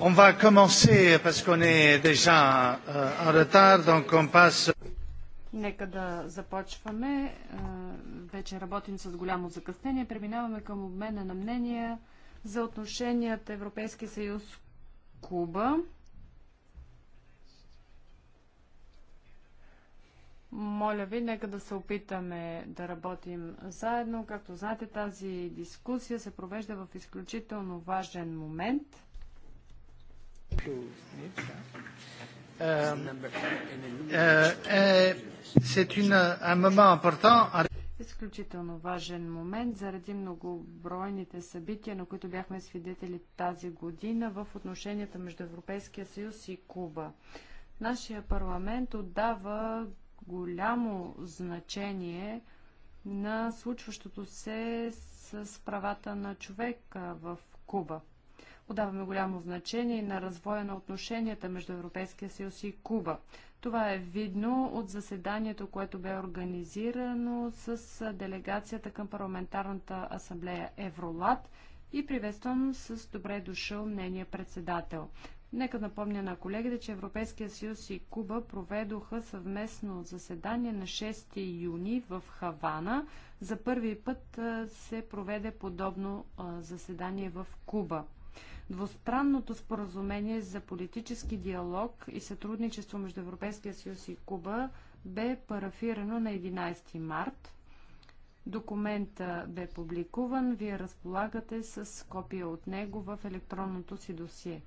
On va commencer parce qu'on est déjà euh, en retard, donc on passe. Нека да започваме. Е, вече работим с голямо закъснение. Преминаваме към обмена на мнения за отношенията Европейски съюз Куба. Моля ви, нека да се опитаме да работим заедно. Както знаете, тази дискусия се провежда в изключително важен момент – Euh, euh, euh, Изключително важен момент заради многобройните събития, на които бяхме свидетели тази година в отношенията между Европейския съюз и Куба. Нашия парламент отдава голямо значение на случващото се с правата на човека в Куба. Отдаваме голямо значение на развоя на отношенията между Европейския съюз и Куба. Това е видно от заседанието, което бе организирано с делегацията към парламентарната асамблея Евролат и приветствам с добре дошъл мнения председател. Нека напомня на колегите, че Европейския съюз и Куба проведоха съвместно заседание на 6 юни в Хавана. За първи път се проведе подобно заседание в Куба. Двустранното споразумение за политически диалог и сътрудничество между Европейския съюз и Куба бе парафирано на 11 март. Документа бе публикуван. Вие разполагате с копия от него в електронното си досие.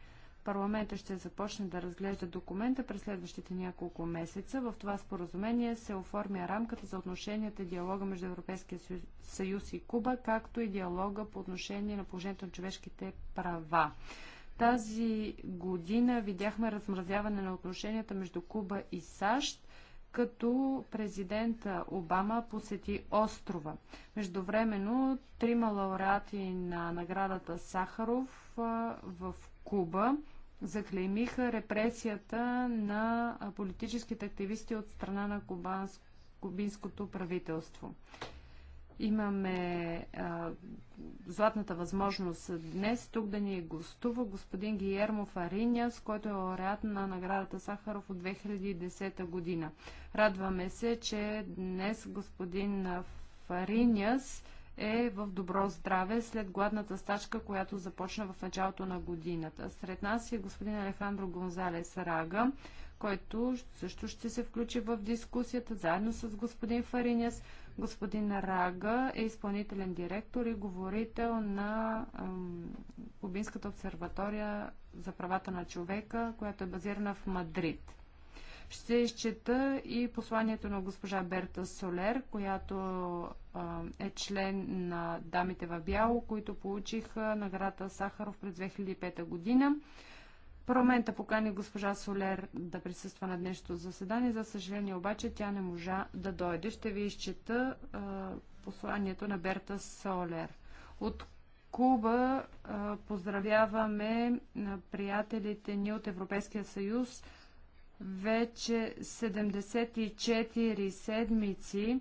Парламента ще започне да разглежда документа през следващите няколко месеца. В това споразумение се оформя рамката за отношенията и диалога между Европейския съюз и Куба, както и диалога по отношение на положението на човешките права. Тази година видяхме размразяване на отношенията между Куба и САЩ, като президент Обама посети острова. Междувременно трима лауреати на наградата Сахаров в Куба заклеймиха репресията на политическите активисти от страна на кубинското правителство. Имаме а, златната възможност днес тук да ни гостува господин Гиермо Фариняс, който е лауреат на наградата Сахаров от 2010 година. Радваме се, че днес господин Фариняс е в добро здраве след гладната стачка, която започна в началото на годината. Сред нас е господин Алехандро Гонзалес Рага, който също ще се включи в дискусията заедно с господин Фариняс. Господин Рага е изпълнителен директор и говорител на Кубинската обсерватория за правата на човека, която е базирана в Мадрид. Ще изчета и посланието на госпожа Берта Солер, която е член на Дамите в бяло, които получиха наградата Сахаров през 2005 година. Парламента покани госпожа Солер да присъства на днешното заседание. За съжаление обаче тя не можа да дойде. Ще ви изчета а, посланието на Берта Солер. От Куба а, поздравяваме приятелите ни от Европейския съюз вече 74 седмици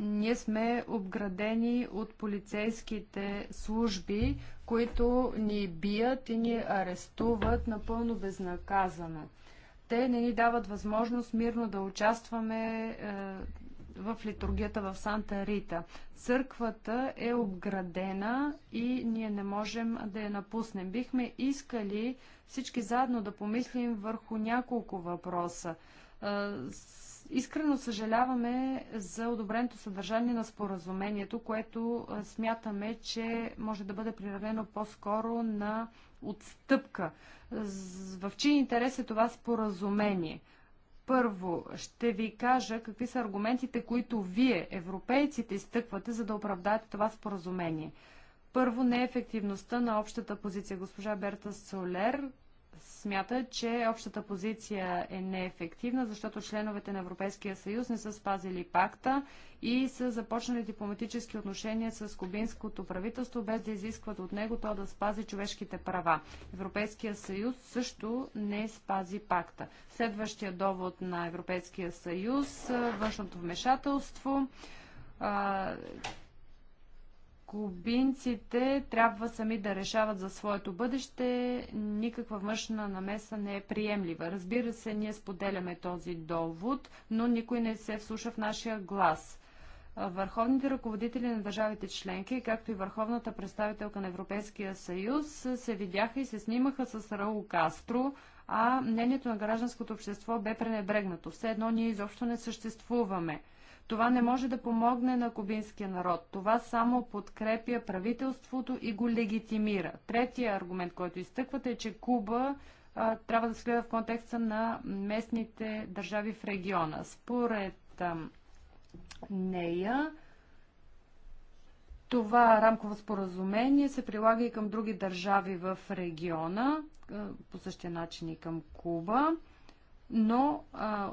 ние сме обградени от полицейските служби, които ни бият и ни арестуват напълно безнаказано. Те не ни дават възможност мирно да участваме е, в литургията в Санта Рита. Църквата е обградена и ние не можем да я напуснем. Бихме искали всички заедно да помислим върху няколко въпроса. Е, искрено съжаляваме за одобреното съдържание на споразумението, което е, смятаме, че може да бъде приравено по-скоро на отстъпка. В чий интерес е това споразумение? Първо, ще ви кажа какви са аргументите, които вие, европейците, изтъквате, за да оправдаете това споразумение. Първо, неефективността на общата позиция. Госпожа Берта Солер смята, че общата позиция е неефективна, защото членовете на Европейския съюз не са спазили пакта и са започнали дипломатически отношения с кубинското правителство, без да изискват от него то да спази човешките права. Европейския съюз също не спази пакта. Следващия довод на Европейския съюз – външното вмешателство Кубинците трябва сами да решават за своето бъдеще. Никаква външна намеса не е приемлива. Разбира се, ние споделяме този довод, но никой не се вслуша в нашия глас. Върховните ръководители на държавите членки, както и върховната представителка на Европейския съюз, се видяха и се снимаха с Рау Кастро, а мнението на гражданското общество бе пренебрегнато. Все едно ние изобщо не съществуваме. Това не може да помогне на кубинския народ. Това само подкрепя правителството и го легитимира. Третия аргумент, който изтъквате е, че Куба а, трябва да се гледа в контекста на местните държави в региона. Според а, нея, това рамково споразумение се прилага и към други държави в региона, по същия начин и към Куба, но а,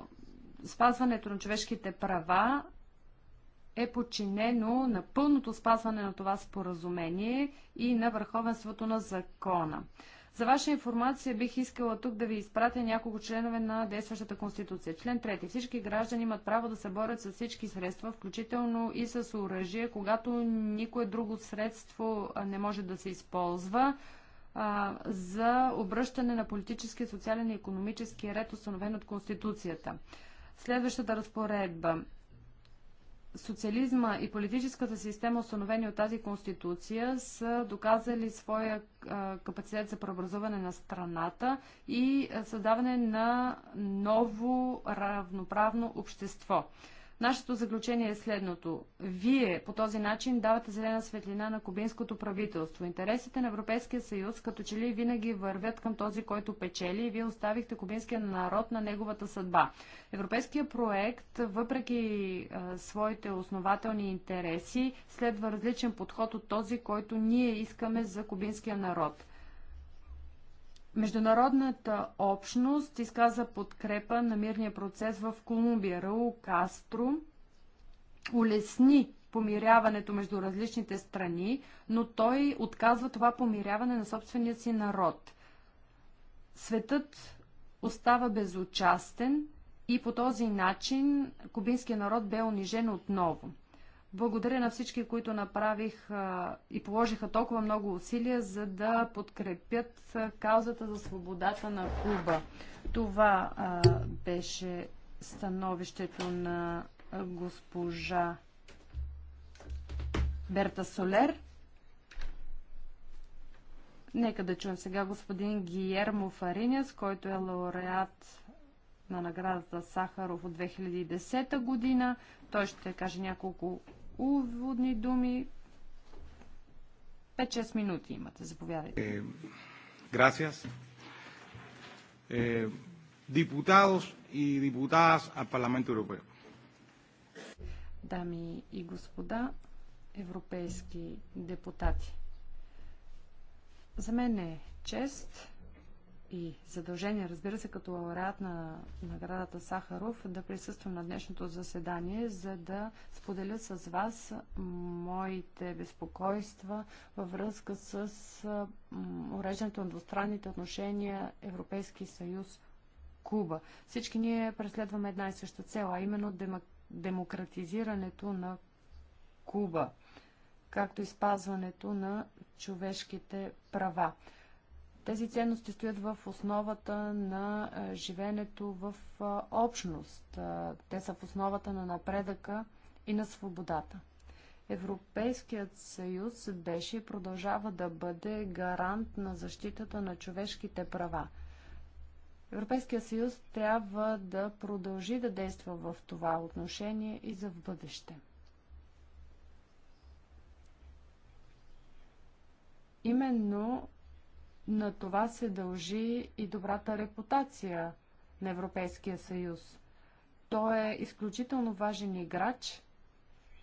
спазването на човешките права е подчинено на пълното спазване на това споразумение и на върховенството на закона. За ваша информация бих искала тук да ви изпратя няколко членове на действащата конституция. Член 3. Всички граждани имат право да се борят с всички средства, включително и с оръжие, когато никое друго средство не може да се използва а, за обръщане на политически, социален и економически ред, установен от Конституцията. Следващата разпоредба. Социализма и политическата система, установени от тази конституция, са доказали своя капацитет за преобразуване на страната и създаване на ново равноправно общество. Нашето заключение е следното. Вие по този начин давате зелена светлина на кубинското правителство. Интересите на Европейския съюз като че ли винаги вървят към този, който печели и вие оставихте кубинския народ на неговата съдба. Европейския проект, въпреки а, своите основателни интереси, следва различен подход от този, който ние искаме за кубинския народ. Международната общност изказа подкрепа на мирния процес в Колумбия. Рау Кастро улесни помиряването между различните страни, но той отказва това помиряване на собствения си народ. Светът остава безучастен и по този начин кубинският народ бе унижен отново. Благодаря на всички, които направих а, и положиха толкова много усилия, за да подкрепят а, каузата за свободата на Куба. Това а, беше становището на госпожа Берта Солер. Нека да чуем сега господин Гиермо Фариняс, който е лауреат на наградата Сахаров от 2010 година. Той ще каже няколко уводни думи. 5-6 минути имате, заповядайте. Gracias. Eh, diputados y diputadas al Parlamento Europeo. Дами и господа, европейски депутати. За мен е чест и задължение, разбира се, като лауреат на наградата Сахаров, да присъствам на днешното заседание, за да споделя с вас моите безпокойства във връзка с уреждането на двустранните отношения Европейски съюз Куба. Всички ние преследваме една и съща цел, а именно демократизирането на Куба, както и спазването на човешките права. Тези ценности стоят в основата на е, живеенето в е, общност. Е, те са в основата на напредъка и на свободата. Европейският съюз беше и продължава да бъде гарант на защитата на човешките права. Европейският съюз трябва да продължи да действа в това отношение и за в бъдеще. Именно на това се дължи и добрата репутация на Европейския съюз. Той е изключително важен играч,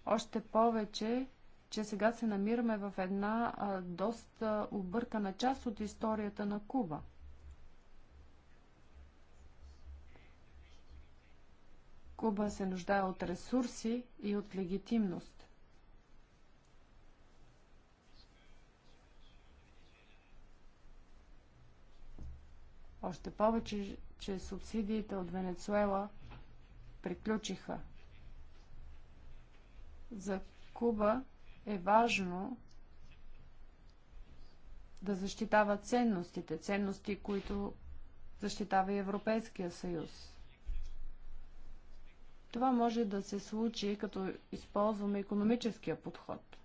още повече, че сега се намираме в една а, доста объркана част от историята на Куба. Куба се нуждае от ресурси и от легитимност. Още повече, че субсидиите от Венецуела приключиха. За Куба е важно да защитава ценностите, ценности, които защитава и Европейския съюз. Това може да се случи, като използваме економическия подход.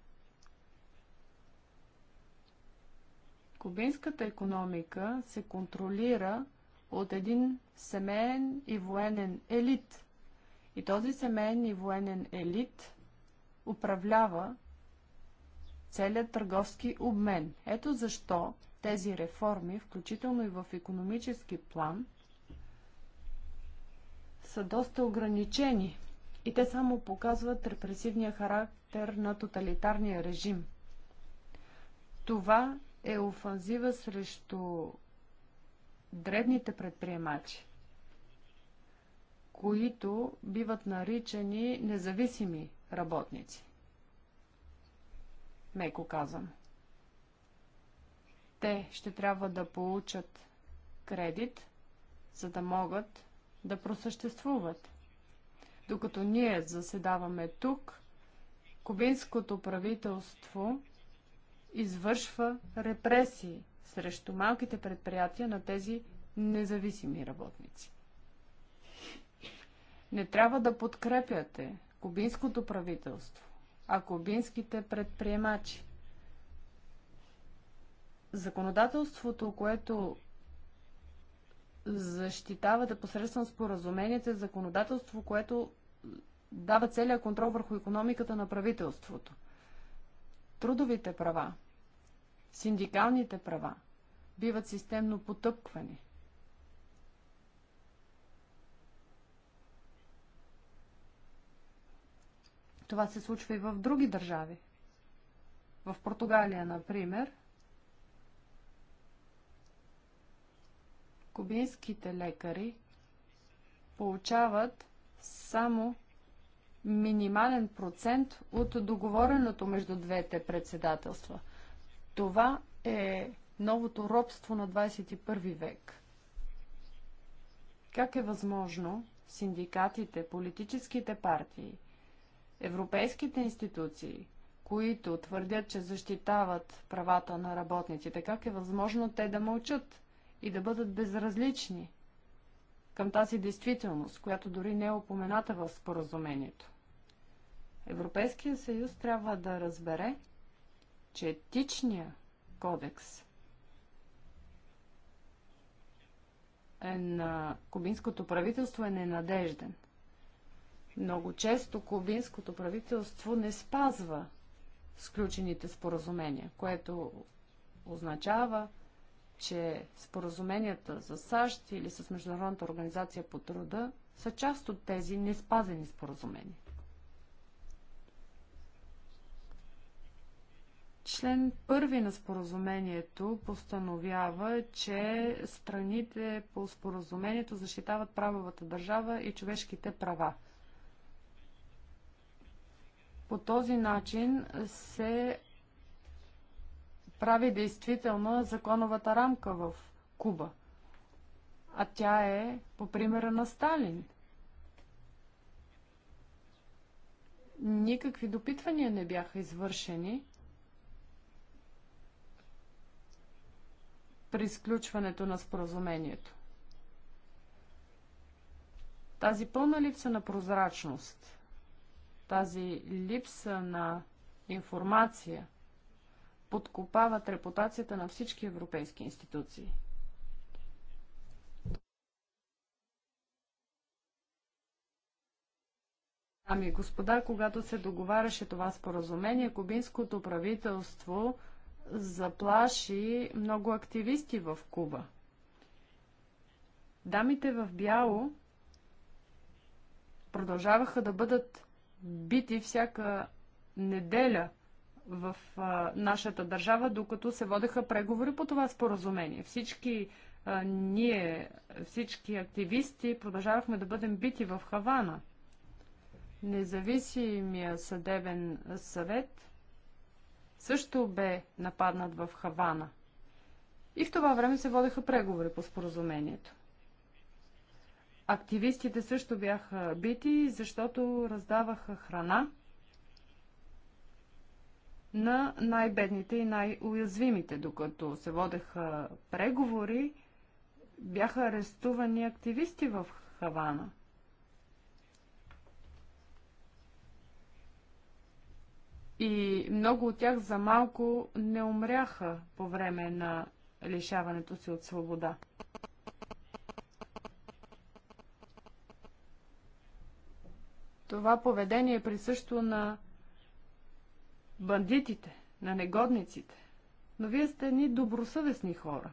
Кубинската економика се контролира от един семейен и военен елит. И този семейен и военен елит управлява целият търговски обмен. Ето защо тези реформи, включително и в економически план, са доста ограничени и те само показват репресивния характер на тоталитарния режим. Това е офанзива срещу дребните предприемачи, които биват наричани независими работници. Меко казвам. Те ще трябва да получат кредит, за да могат да просъществуват. Докато ние заседаваме тук, кубинското правителство извършва репресии срещу малките предприятия на тези независими работници. Не трябва да подкрепяте кубинското правителство, а кубинските предприемачи. Законодателството, което защитава посредством споразуменията, е законодателство, което дава целият контрол върху економиката на правителството – Трудовите права, синдикалните права биват системно потъпквани. Това се случва и в други държави. В Португалия, например, кубинските лекари получават само минимален процент от договореното между двете председателства. Това е новото робство на 21 век. Как е възможно синдикатите, политическите партии, европейските институции, които твърдят, че защитават правата на работниците, как е възможно те да мълчат и да бъдат безразлични към тази действителност, която дори не е опомената в споразумението? Европейския съюз трябва да разбере, че етичният кодекс е на кубинското правителство е ненадежден. Много често кубинското правителство не спазва сключените споразумения, което означава, че споразуменията за САЩ или с Международната организация по труда са част от тези неспазени споразумения. Член първи на споразумението постановява, че страните по споразумението защитават правовата държава и човешките права. По този начин се прави действителна законовата рамка в Куба. А тя е по примера на Сталин. Никакви допитвания не бяха извършени при сключването на споразумението. Тази пълна липса на прозрачност, тази липса на информация подкопават репутацията на всички европейски институции. Ами господа, когато се договаряше това споразумение, кубинското правителство заплаши много активисти в Куба. Дамите в бяло продължаваха да бъдат бити всяка неделя в а, нашата държава, докато се водеха преговори по това споразумение. Всички а, ние, всички активисти, продължавахме да бъдем бити в Хавана. Независимия съдебен съвет също бе нападнат в Хавана. И в това време се водеха преговори по споразумението. Активистите също бяха бити, защото раздаваха храна на най-бедните и най-уязвимите. Докато се водеха преговори, бяха арестувани активисти в Хавана – И много от тях за малко не умряха по време на лишаването си от свобода. Това поведение е присъщо на бандитите, на негодниците. Но вие сте ни добросъвестни хора.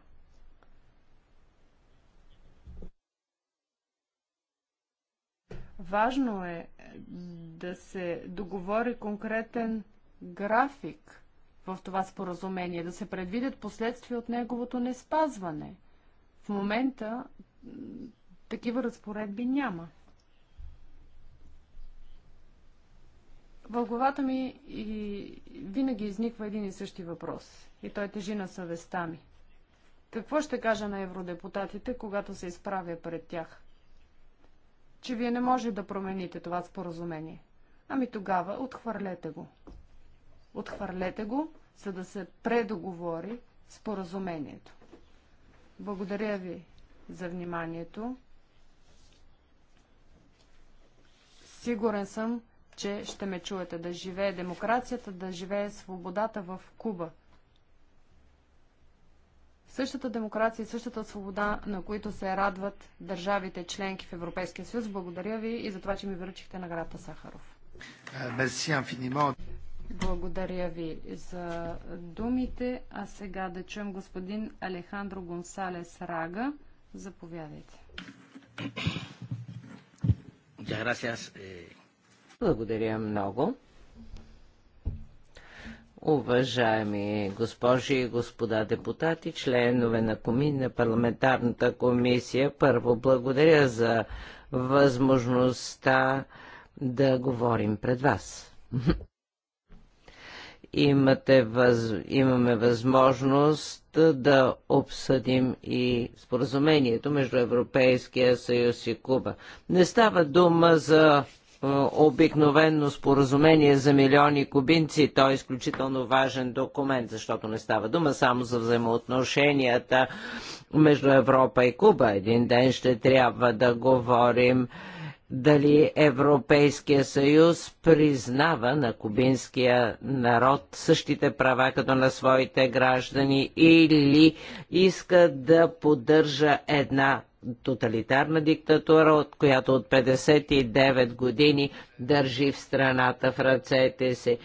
Важно е да се договори конкретен график в това споразумение, да се предвидят последствия от неговото неспазване. В момента такива разпоредби няма. В главата ми и винаги изниква един и същи въпрос. И той тежи на съвестта ми. Какво ще кажа на евродепутатите, когато се изправя пред тях? Че вие не може да промените това споразумение. Ами тогава отхвърлете го. Отхвърлете го, за да се предоговори споразумението. Благодаря ви за вниманието. Сигурен съм, че ще ме чуете. Да живее демокрацията, да живее свободата в Куба. Същата демокрация и същата свобода, на които се радват държавите членки в Европейския съюз. Благодаря ви и за това, че ми връчихте наградата Сахаров. Е, мерси благодаря ви за думите. А сега да чуем господин Алехандро Гонсалес Рага. Заповядайте. Eh. Благодаря много. Уважаеми госпожи и господа депутати, членове на, коми, на парламентарната комисия, първо благодаря за възможността да говорим пред вас. Имате въз... Имаме възможност да обсъдим и споразумението между Европейския съюз и Куба. Не става дума за обикновено споразумение за милиони кубинци. Той е изключително важен документ, защото не става дума само за взаимоотношенията между Европа и Куба. Един ден ще трябва да говорим дали Европейския съюз признава на кубинския народ същите права като на своите граждани или иска да поддържа една тоталитарна диктатура, от която от 59 години държи в страната в ръцете си.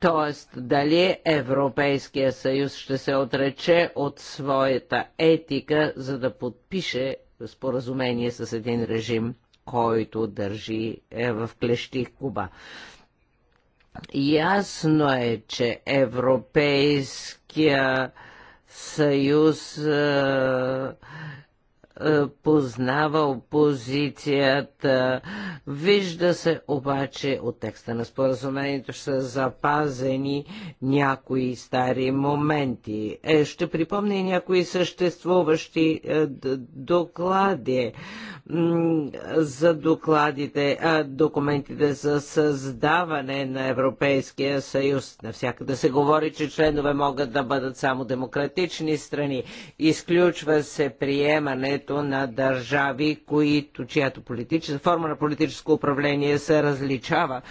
Тоест, дали Европейския съюз ще се отрече от своята етика, за да подпише споразумение с един режим? който държи е, в клещи Куба. Ясно е, че Европейския съюз е, е, познава опозицията. Вижда се обаче от текста на споразумението ще са запазени някои стари моменти. Е, ще припомня и някои съществуващи е, доклади. За докладите, документите за създаване на Европейския съюз. Навсякъде се говори, че членове могат да бъдат само демократични страни. Изключва се приемането управлението на държави, които, чиято политическа форма на политическо управление се различава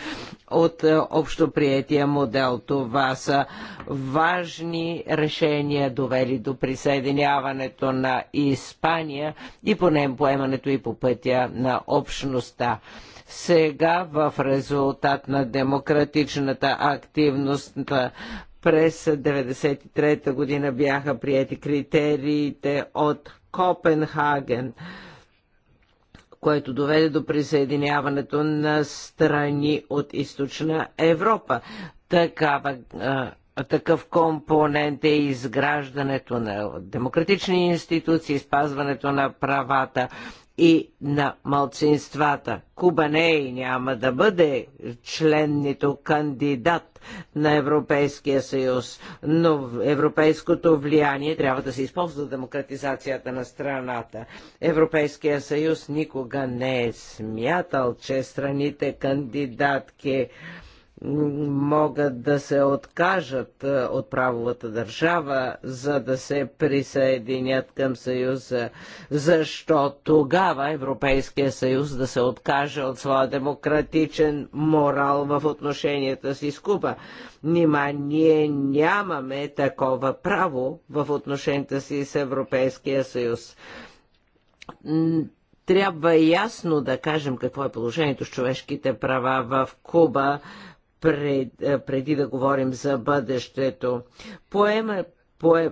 от е, общоприетия модел. Това са важни решения, довели до присъединяването на Испания и поне поемането и по пътя на общността. Сега в резултат на демократичната активност през 1993 година бяха приети критериите от Копенхаген което доведе до присъединяването на страни от източна Европа. Такава, а, такъв компонент е изграждането на демократични институции, спазването на правата и на малцинствата. Куба не е и няма да бъде член нито кандидат на Европейския съюз, но европейското влияние трябва да се използва за демократизацията на страната. Европейския съюз никога не е смятал, че страните кандидатки могат да се откажат е, от правовата държава, за да се присъединят към Съюза. Защо тогава Европейския съюз да се откаже от своя демократичен морал в отношенията си с Куба? Нима ние нямаме такова право в отношенията си с Европейския съюз трябва ясно да кажем какво е положението с човешките права в Куба, пред, преди да говорим за бъдещето. Поема, пое,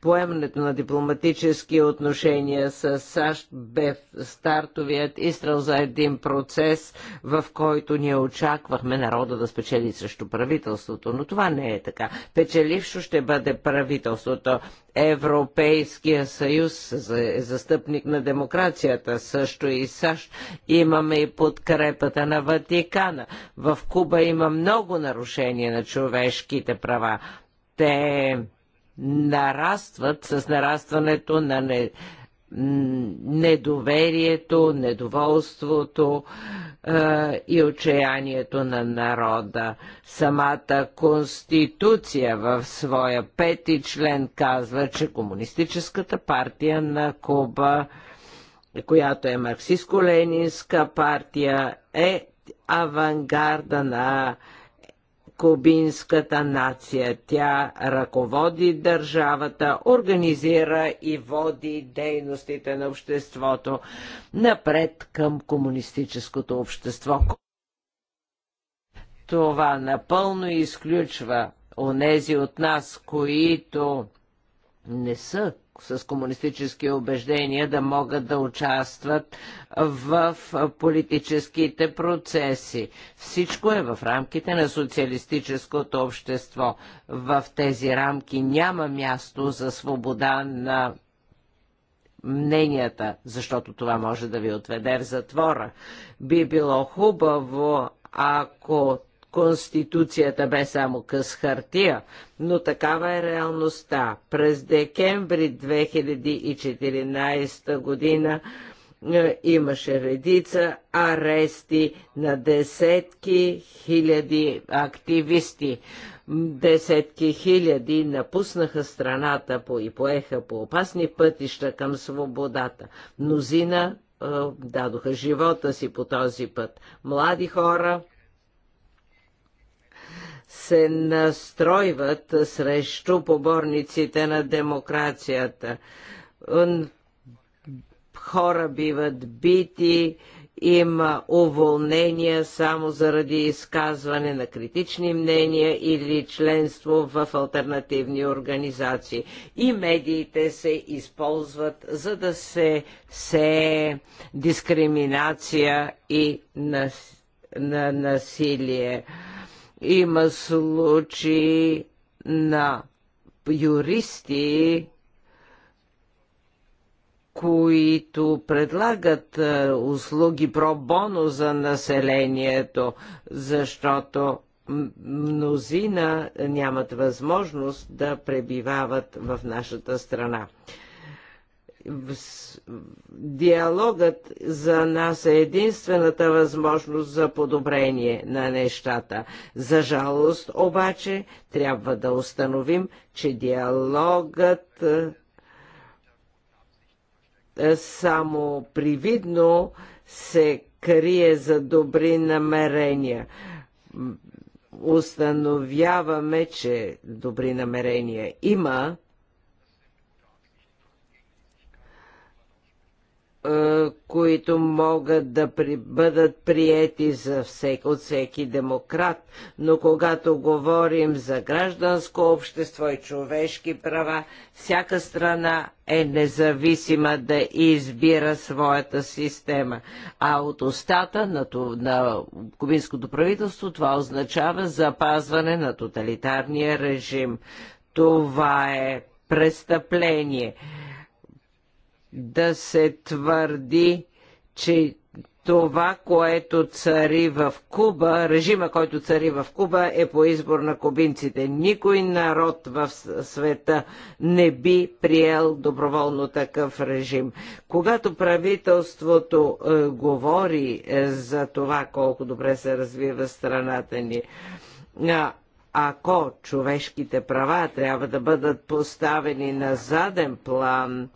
Поемането на дипломатически отношения с САЩ бе стартовият изстрел за един процес, в който ние очаквахме народа да спечели срещу правителството, но това не е така. Печелившо ще бъде правителството. Европейския съюз е застъпник на демокрацията, също и САЩ. Имаме и подкрепата на Ватикана. В Куба има много нарушения на човешките права. Те нарастват с нарастването на не, недоверието, недоволството е, и отчаянието на народа. Самата Конституция в своя пети член казва, че Комунистическата партия на Куба, която е марксистско-ленинска партия, е авангарда на кубинската нация. Тя ръководи държавата, организира и води дейностите на обществото напред към комунистическото общество. Това напълно изключва онези от нас, които не са с комунистически убеждения да могат да участват в политическите процеси. Всичко е в рамките на социалистическото общество. В тези рамки няма място за свобода на мненията, защото това може да ви отведе в затвора. Би било хубаво, ако Конституцията бе само къс хартия, но такава е реалността. През декември 2014 година е, имаше редица арести на десетки хиляди активисти. Десетки хиляди напуснаха страната по и поеха по опасни пътища към свободата. Мнозина е, дадоха живота си по този път. Млади хора, се настройват срещу поборниците на демокрацията. Хора биват бити, има уволнения само заради изказване на критични мнения или членство в альтернативни организации. И медиите се използват, за да се се дискриминация и нас, на насилие. Има случаи на юристи, които предлагат е, услуги про боно за населението, защото мнозина нямат възможност да пребивават в нашата страна диалогът за нас е единствената възможност за подобрение на нещата. За жалост обаче трябва да установим, че диалогът е, е, само привидно се крие за добри намерения. Установяваме, че добри намерения има, които могат да при, бъдат приети за всек, от всеки демократ, но когато говорим за гражданско общество и човешки права, всяка страна е независима да избира своята система. А от устата на, на кубинското правителство това означава запазване на тоталитарния режим. Това е престъпление да се твърди, че това, което цари в Куба, режима, който цари в Куба, е по избор на кубинците. Никой народ в света не би приел доброволно такъв режим. Когато правителството е, говори е, за това колко добре се развива страната ни, а, ако човешките права трябва да бъдат поставени на заден план, е,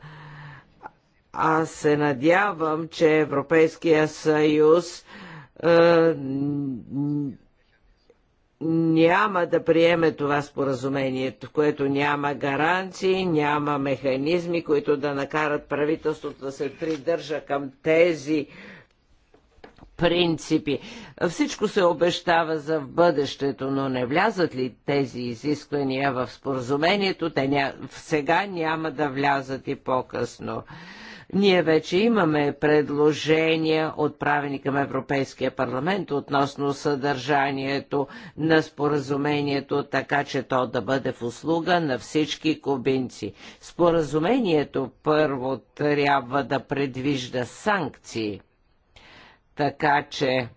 аз се надявам, че Европейския съюз е, няма да приеме това споразумение, в което няма гаранции, няма механизми, които да накарат правителството да се придържа към тези принципи. Всичко се обещава за в бъдещето, но не влязат ли тези изисквания в споразумението, те ня... сега няма да влязат и по-късно. Ние вече имаме предложения отправени към Европейския парламент относно съдържанието на споразумението, така че то да бъде в услуга на всички кубинци. Споразумението първо трябва да предвижда санкции, така че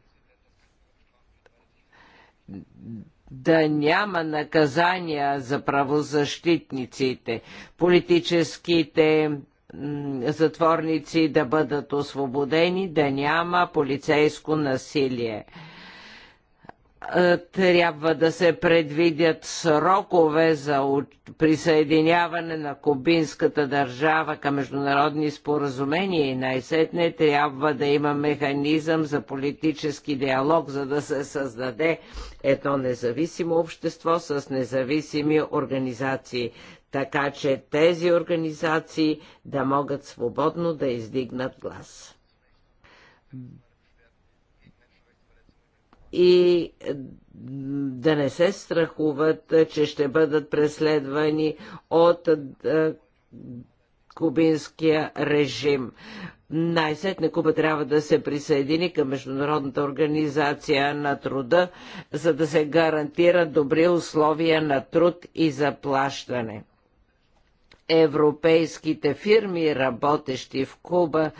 да няма наказания за правозащитниците, политическите затворници да бъдат освободени, да няма полицейско насилие е, трябва да се предвидят срокове за присъединяване на кубинската държава към международни споразумения и най-сетне трябва да има механизъм за политически диалог, за да се създаде едно независимо общество с независими организации така че тези организации да могат свободно да издигнат глас. И да не се страхуват, че ще бъдат преследвани от е, кубинския режим. Най-сетне Куба трябва да се присъедини към Международната организация на труда, за да се гарантират добри условия на труд и заплащане. Европейските фирми, работещи в Куба,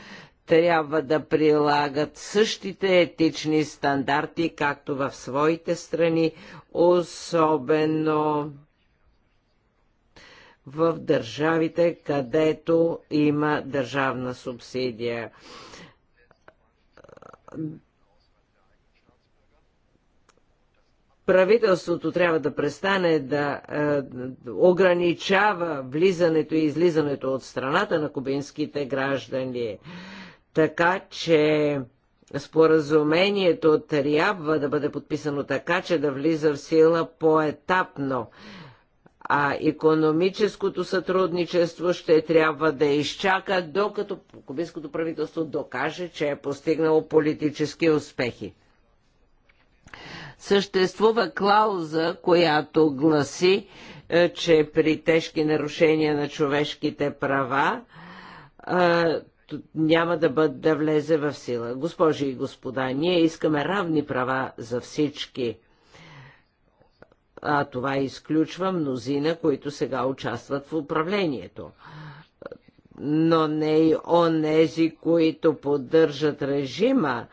трябва да прилагат същите етични стандарти, както в своите страни, особено в държавите, където има държавна субсидия правителството трябва да престане да е, ограничава влизането и излизането от страната на кубинските граждани. Така че споразумението трябва да бъде подписано така, че да влиза в сила поетапно а економическото сътрудничество ще трябва да изчака, докато кубинското правителство докаже, че е постигнало политически успехи съществува клауза, която гласи, е, че при тежки нарушения на човешките права е, няма да, бъд, да влезе в сила. Госпожи и господа, ние искаме равни права за всички. А това изключва мнозина, които сега участват в управлението. Но не и онези, които поддържат режима,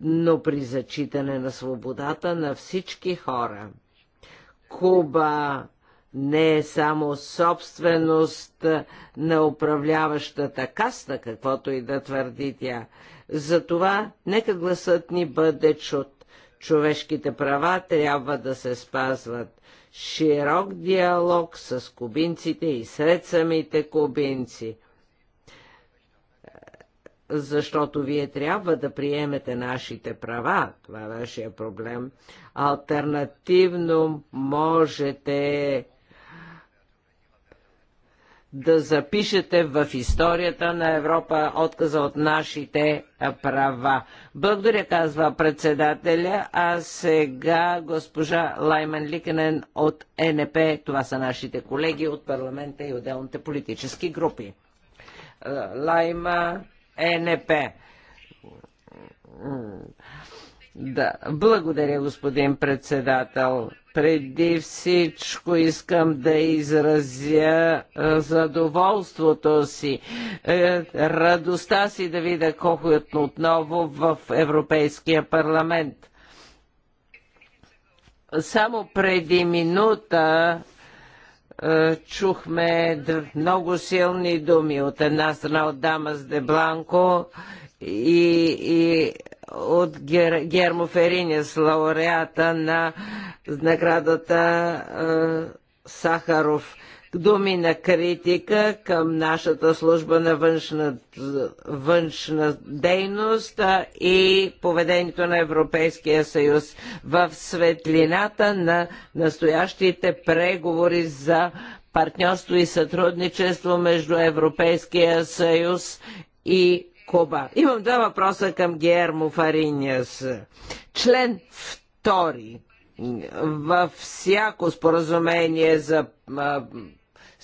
но при зачитане на свободата на всички хора. Куба не е само собственост на управляващата каста, каквото и да твърди тя. Затова нека гласът ни бъде чут. Човешките права трябва да се спазват. Широк диалог с кубинците и сред самите кубинци защото вие трябва да приемете нашите права, това е вашия проблем. Альтернативно можете да запишете в историята на Европа отказа от нашите права. Благодаря, казва председателя, а сега госпожа Лайман Ликенен от НП, това са нашите колеги от парламента и отделните политически групи. Лайма, ЕНП. Да, благодаря, господин председател. Преди всичко искам да изразя задоволството си, е, радостта си да видя Кохот отново в Европейския парламент. Само преди минута е, чухме много силни думи от една страна от Дамас де Бланко и, и от Гер, Гермо Феринес, лауреата на наградата е, Сахаров думи на критика към нашата служба на външна, външна дейност и поведението на Европейския съюз в светлината на настоящите преговори за партньорство и сътрудничество между Европейския съюз и Куба. Имам два въпроса към Гермо Фариньяс. Член 2 във всяко споразумение за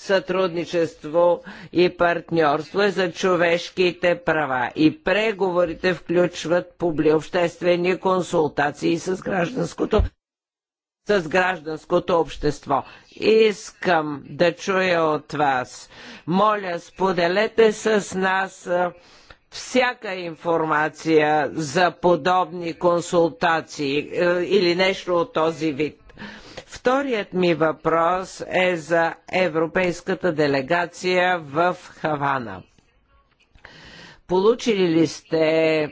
сътрудничество и партньорство е за човешките права и преговорите включват обществени консултации с гражданското с гражданското общество. Искам да чуя от вас. Моля, споделете с нас всяка информация за подобни консултации или нещо от този вид. Вторият ми въпрос е за европейската делегация в Хавана. Получили ли сте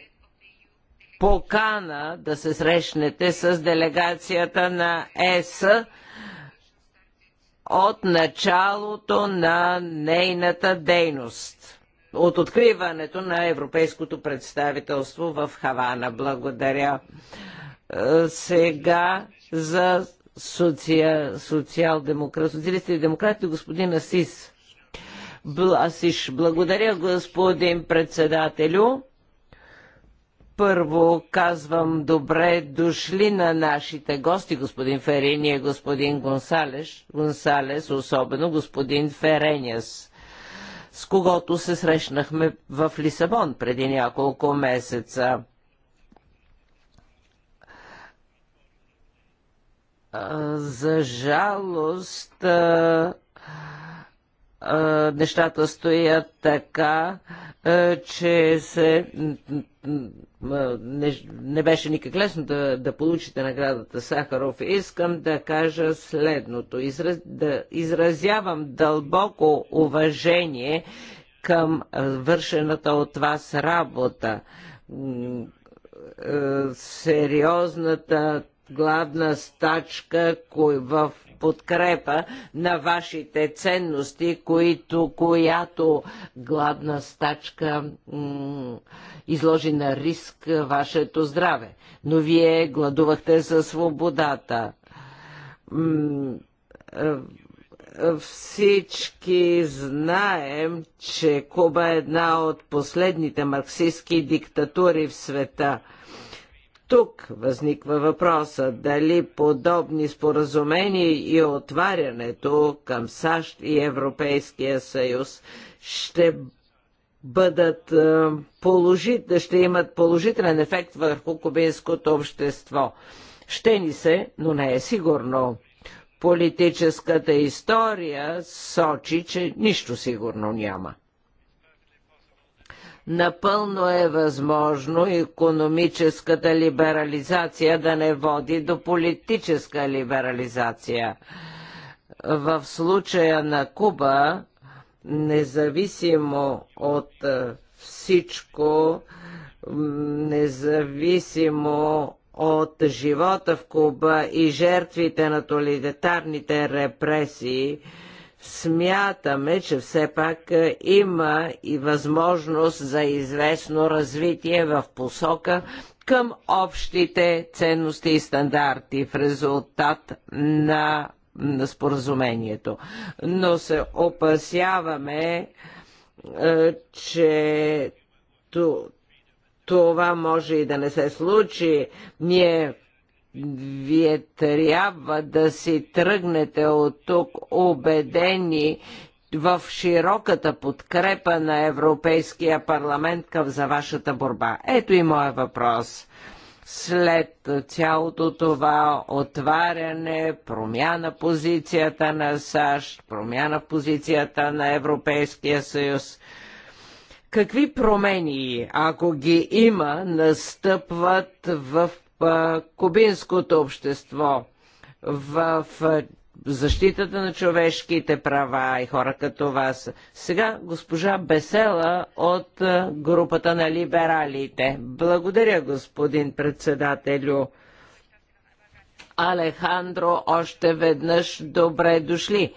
покана да се срещнете с делегацията на ЕС от началото на нейната дейност? от откриването на европейското представителство в Хавана. Благодаря. Е, сега за социал, социал-демократ, социалисти и демократи, е господин Асис. Бл, Асиш, благодаря господин председателю. Първо казвам добре дошли на нашите гости, господин Ферени и господин Гонсалес, Гонсалес, особено господин Ференяс, с когото се срещнахме в Лисабон преди няколко месеца. За жалост, нещата стоят така, че се не, не беше никак лесно да, да получите наградата Сахаров. Искам да кажа следното. Израз, да изразявам дълбоко уважение към вършената от вас работа сериозната гладна стачка кой в подкрепа на вашите ценности, които, която гладна стачка изложи на риск вашето здраве. Но вие гладувахте за свободата. М е, е, всички знаем, че Куба е една от последните марксистски диктатури в света. Тук възниква въпроса дали подобни споразумения и отварянето към САЩ и Европейския съюз ще бъдат е, положит, ще имат положителен ефект върху кубинското общество. Ще ни се, но не е сигурно. Политическата история сочи, че нищо сигурно няма. Напълно е възможно економическата либерализация да не води до политическа либерализация. В случая на Куба, независимо от е, всичко, независимо от живота в Куба и жертвите на толидетарните репресии, Смятаме, че все пак е, има и възможност за известно развитие в посока към общите ценности и стандарти в резултат на, на споразумението. Но се опасяваме, е, че това може и да не се случи. Ние вие трябва да си тръгнете от тук убедени в широката подкрепа на Европейския парламент към за вашата борба. Ето и моя въпрос след цялото това отваряне, промяна позицията на САЩ, промяна позицията на Европейския съюз. Какви промени, ако ги има, настъпват в кубинското общество, в защитата на човешките права и хора като вас. Сега госпожа Бесела от групата на либералите. Благодаря, господин председателю. Алехандро, още веднъж добре дошли.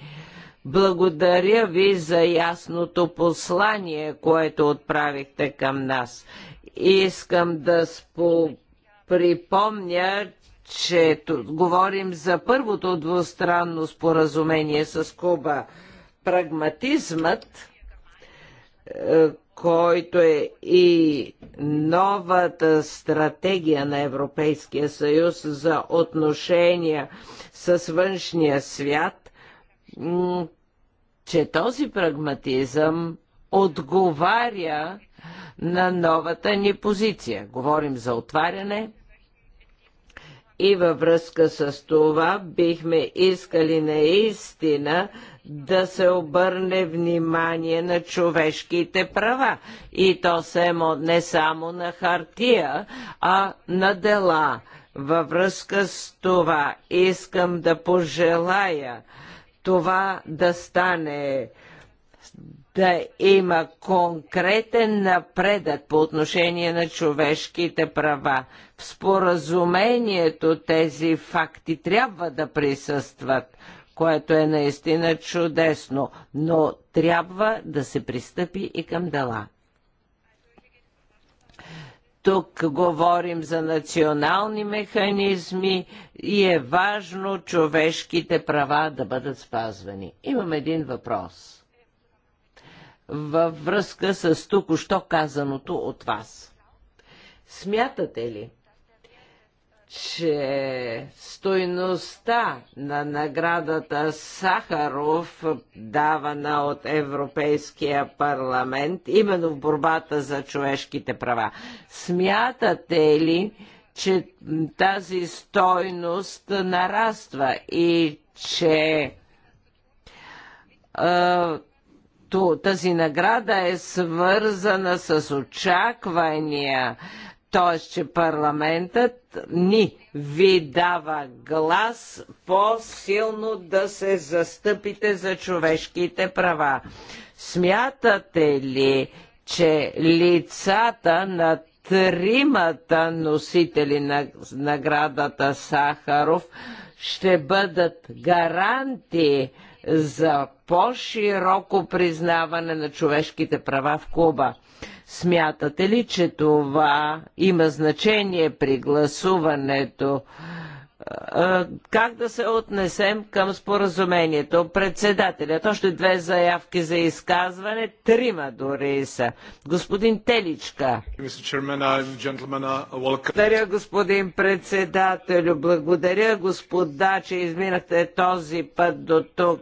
Благодаря ви за ясното послание, което отправихте към нас. Искам да спо Припомня, че говорим за първото двустранно споразумение с Куба. Прагматизмът, е, който е и новата стратегия на Европейския съюз за отношения с външния свят, че този прагматизъм отговаря на новата ни позиция. Говорим за отваряне, и във връзка с това бихме искали наистина да се обърне внимание на човешките права. И то само, не само на хартия, а на дела. Във връзка с това искам да пожелая това да стане да има конкретен напредък по отношение на човешките права. В споразумението тези факти трябва да присъстват, което е наистина чудесно, но трябва да се пристъпи и към дела. Тук говорим за национални механизми и е важно човешките права да бъдат спазвани. Имам един въпрос във връзка с току-що казаното от вас. Смятате ли, че стойността на наградата Сахаров, давана от Европейския парламент, именно в борбата за човешките права. Смятате ли, че тази стойност нараства и че тази награда е свързана с очаквания, т.е. че парламентът ни ви дава глас по-силно да се застъпите за човешките права. Смятате ли, че лицата на тримата носители на наградата Сахаров ще бъдат гаранти за по-широко признаване на човешките права в Куба. Смятате ли, че това има значение при гласуването? как да се отнесем към споразумението. Председателят, още две заявки за изказване, трима дори са. Господин Теличка. Uh, Благодаря, господин председателю. Благодаря, господа, че изминахте този път до тук.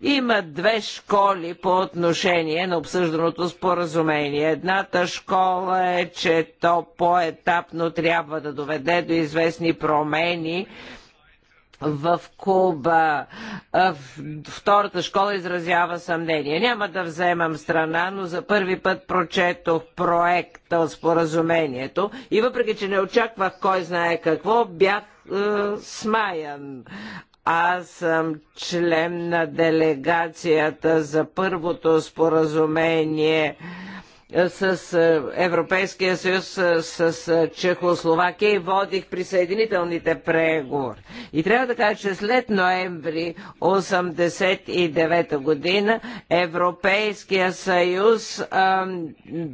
Има две школи по отношение на обсъжданото споразумение. Едната школа е, че то по-етапно трябва да доведе до известни промени години в Куба. Втората школа изразява съмнение. Няма да вземам страна, но за първи път прочетох проекта от споразумението и въпреки, че не очаквах кой знае какво, бях е, смаян. Аз съм член на делегацията за първото споразумение е, с е, Европейския съюз, е, с, Чехословакия и водих присъединителните преговори. И трябва да кажа, че след ноември 1989 година Европейския съюз а,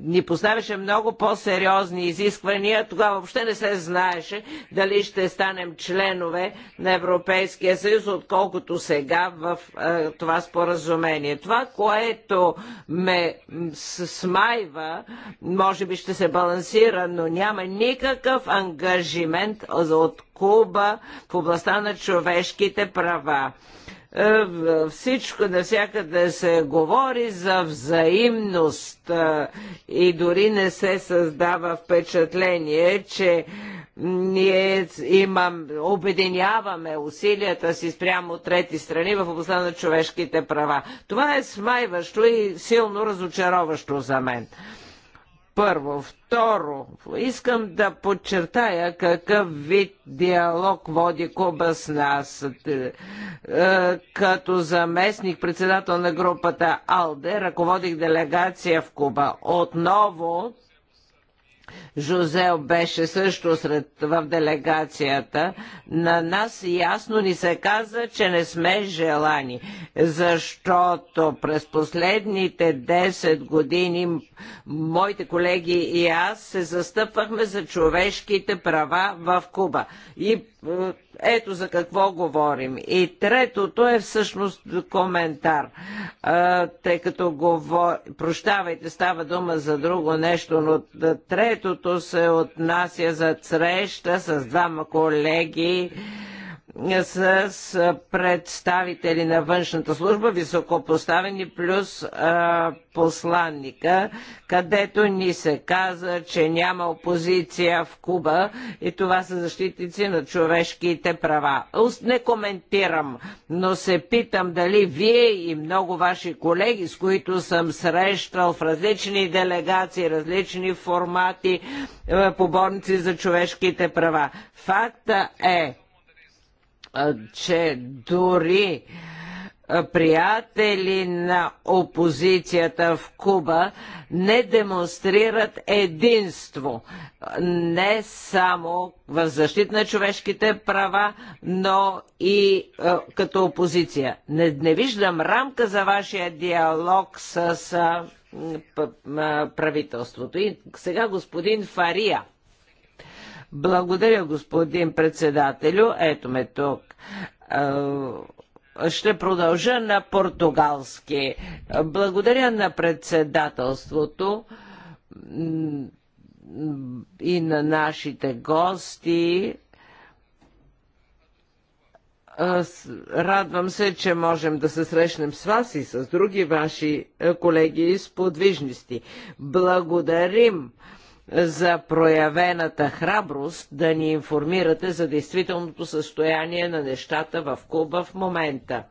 ни поставяше много по-сериозни изисквания. Тогава въобще не се знаеше дали ще станем членове на Европейския съюз, отколкото сега в а, това споразумение. Това, което ме смайва, отива, може би ще се балансира, но няма никакъв ангажимент от Куба в областта на човешките права. Е, всичко навсякъде се говори за взаимност е, и дори не се създава впечатление, че ние имам, обединяваме усилията си спрямо трети страни в областта на човешките права. Това е смайващо и силно разочароващо за мен. Първо. Второ, искам да подчертая какъв вид диалог води Куба с нас. Е, като заместник председател на групата АЛДЕ ръководих делегация в Куба. Отново Жозел беше също сред, в делегацията. На нас ясно ни се каза, че не сме желани, защото през последните 10 години моите колеги и аз се застъпвахме за човешките права в Куба. И е, ето за какво говорим. И третото е всъщност коментар тъй като говор... прощавайте, става дума за друго нещо, но третото се отнася за среща с двама колеги с представители на външната служба, високопоставени плюс а, посланника, където ни се каза, че няма опозиция в Куба и това са защитници на човешките права. Не коментирам, но се питам дали вие и много ваши колеги, с които съм срещал в различни делегации, различни формати, е, поборници за човешките права. Факта е, че дори приятели на опозицията в Куба не демонстрират единство. Не само в защита на човешките права, но и е, като опозиция. Не, не виждам рамка за вашия диалог с е, правителството. И сега господин Фария. Благодаря, господин председателю. Ето ме тук. Ще продължа на португалски. Благодаря на председателството и на нашите гости. Радвам се, че можем да се срещнем с вас и с други ваши колеги и сподвижности. Благодарим за проявената храброст да ни информирате за действителното състояние на нещата в Куба в момента.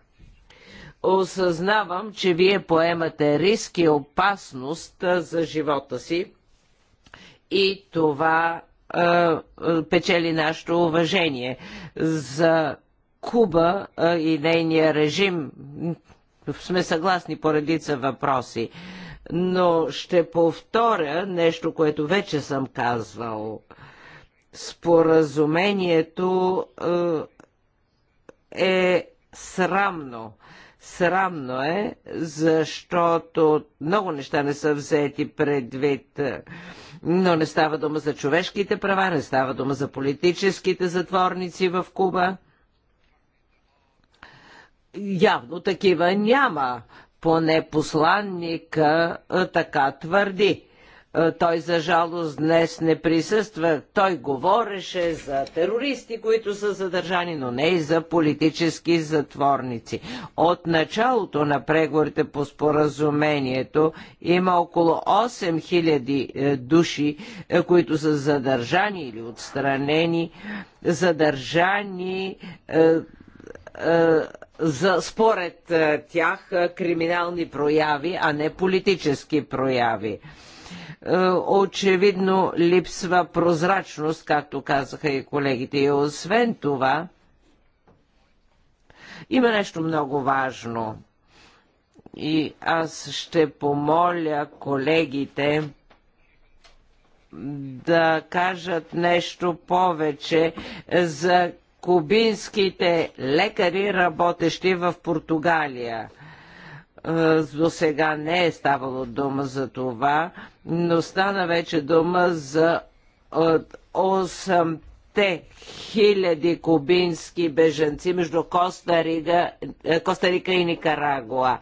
Осъзнавам, че вие поемате риск и опасност за живота си и това е, печели нашето уважение. За Куба е, и нейния режим сме съгласни по редица въпроси. Е, но ще повторя нещо, което вече съм казвал. Споразумението е, е срамно. Срамно е, защото много неща не са взети предвид. Но не става дума за човешките права, не става дума за политическите затворници в Куба. Явно такива няма. Поне посланника така твърди. Той за жалост днес не присъства. Той говореше за терористи, които са задържани, но не и за политически затворници. От началото на преговорите по споразумението има около 8000 е, души, е, които са задържани или отстранени, задържани е, за според е, тях е, криминални прояви, а не политически прояви. Е, очевидно липсва прозрачност, както казаха и колегите. И освен това, има нещо много важно. И аз ще помоля колегите да кажат нещо повече за кубинските лекари, работещи в Португалия. Е, до сега не е ставало дума за това, но стана вече дума за 8 е, те хиляди кубински беженци между Коста, Рига, е, Коста Рика и Никарагуа.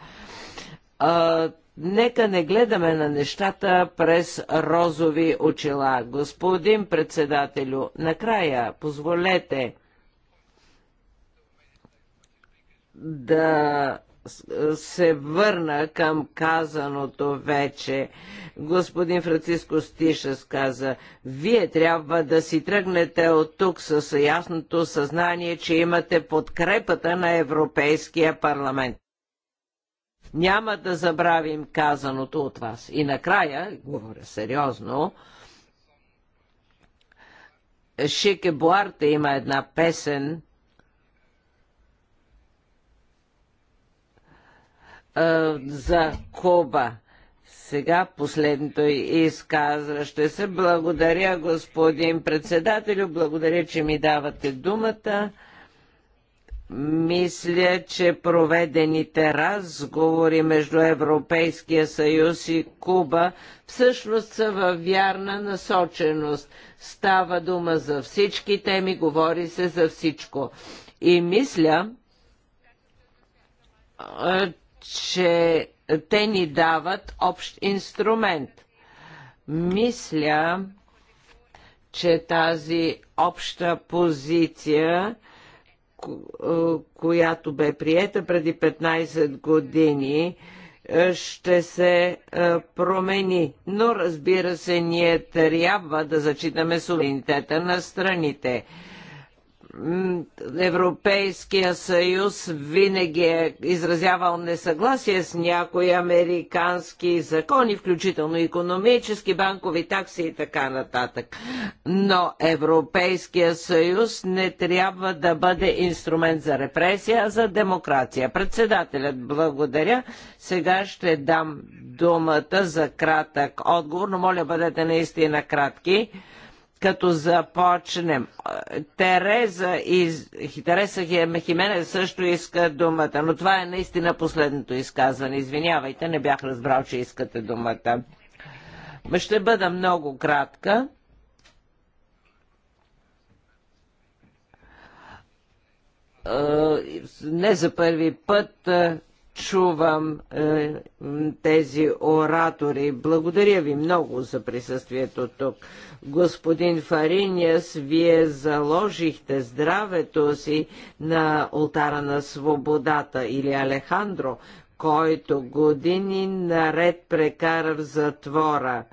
А, нека не гледаме на нещата през розови очила. Господин председателю, накрая позволете да се върна към казаното вече. Господин Франциско Стишес каза, вие трябва да си тръгнете от тук с ясното съзнание, че имате подкрепата на Европейския парламент. Няма да забравим казаното от вас. И накрая, говоря сериозно, Шике Буарте има една песен – за Куба. Сега последното изказваще се. Благодаря, господин председателю. Благодаря, че ми давате думата. Мисля, че проведените разговори между Европейския съюз и Куба всъщност са във вярна насоченост. Става дума за всички теми, говори се за всичко. И мисля, че те ни дават общ инструмент. Мисля, че тази обща позиция, е, която бе приета преди 15 години, е, ще се е, промени. Но разбира се, ние трябва да зачитаме суверенитета на страните. Европейския съюз винаги е изразявал несъгласие с някои американски закони, включително економически, банкови такси и така нататък. Но Европейския съюз не трябва да бъде инструмент за репресия, а за демокрация. Председателят, благодаря. Сега ще дам думата за кратък отговор, но моля бъдете наистина кратки като започнем. Тереза и Тереса Химене също иска думата, но това е наистина последното изказване. Извинявайте, не бях разбрал, че искате думата. Ще бъда много кратка. Е, не за първи път е, чувам е, тези оратори. Благодаря ви много за присъствието тук. Господин Фариняс, вие заложихте здравето си на ултара на свободата или Алехандро, който години наред прекара в затвора.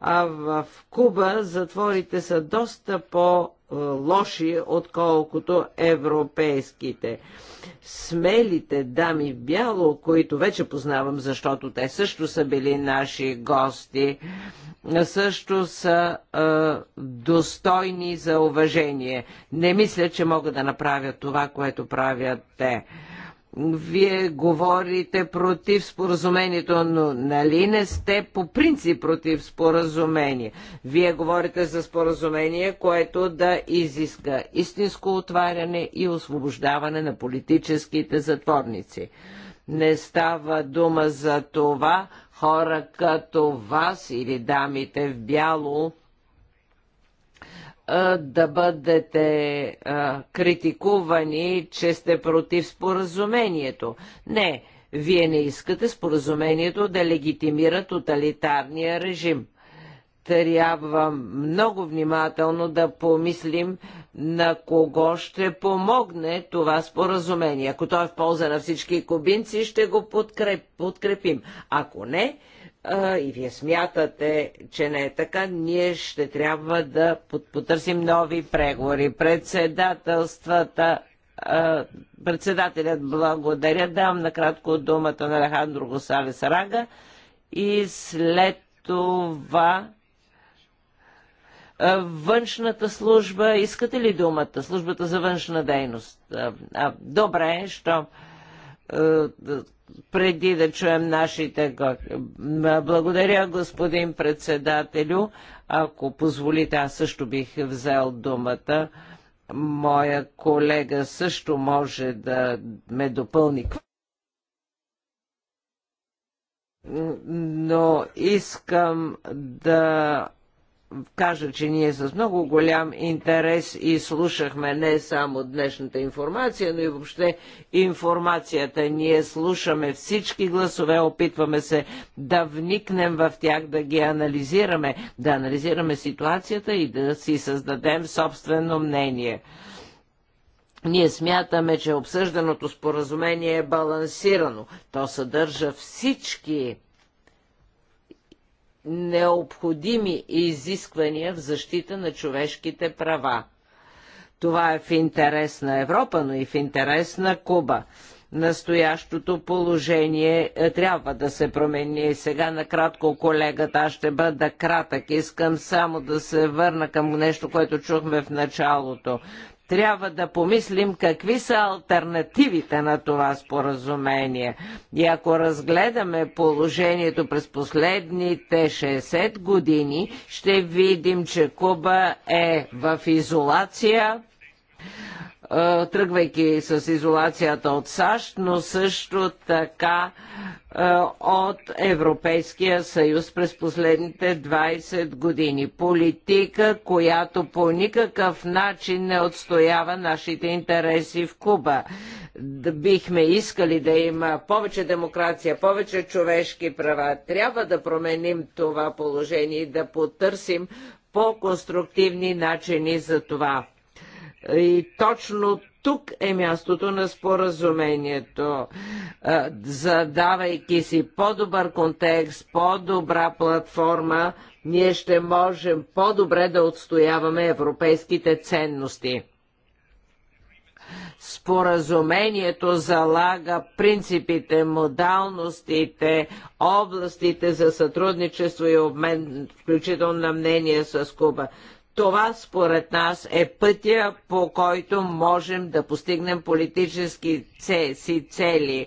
А в Куба затворите са доста по е, лоши, отколкото европейските. Смелите дами в бяло, които вече познавам, защото те също са били наши гости, също са е, достойни за уважение. Не мисля, че мога да направя това, което правят те. Е, вие говорите против споразумението, но нали не сте по принцип против споразумение? Вие говорите за споразумение, което да изиска истинско отваряне и освобождаване на политическите затворници. Не става дума за това хора като вас или дамите в бяло да бъдете а, критикувани, че сте против споразумението. Не, вие не искате споразумението да легитимира тоталитарния режим. Трябва много внимателно да помислим на кого ще помогне това споразумение. Ако то е в полза на всички кубинци, ще го подкреп, подкрепим. Ако не, а, и вие смятате, че не е така, ние ще трябва да потърсим нови преговори. Председателствата председателят благодаря. Дам накратко думата на Алехандро Госале Сарага и след това външната служба. Искате ли думата? Службата за външна дейност. Добре, що преди да чуем нашите... Благодаря, господин председателю. Ако позволите, аз също бих взел думата. Моя колега също може да ме допълни. Но искам да кажа, че ние с много голям интерес и слушахме не само днешната информация, но и въобще информацията. Ние слушаме всички гласове, опитваме се да вникнем в тях, да ги анализираме, да анализираме ситуацията и да си създадем собствено мнение. Ние смятаме, че обсъжданото споразумение е балансирано. То съдържа всички необходими изисквания в защита на човешките права. Това е в интерес на Европа, но и в интерес на Куба. Настоящото положение е, трябва да се промени. Сега накратко колегата, аз ще бъда кратък. Искам само да се върна към нещо, което чухме в началото. Трябва да помислим какви са альтернативите на това споразумение. И ако разгледаме положението през последните 60 години, ще видим, че Куба е в изолация тръгвайки с изолацията от САЩ, но също така от Европейския съюз през последните 20 години. Политика, която по никакъв начин не отстоява нашите интереси в Куба. Бихме искали да има повече демокрация, повече човешки права. Трябва да променим това положение и да потърсим по-конструктивни начини за това и точно тук е мястото на споразумението, задавайки си по-добър контекст, по-добра платформа, ние ще можем по-добре да отстояваме европейските ценности. Споразумението залага принципите, модалностите, областите за сътрудничество и обмен, включително на мнение с Куба. Това според нас е пътя, по който можем да постигнем политически си цели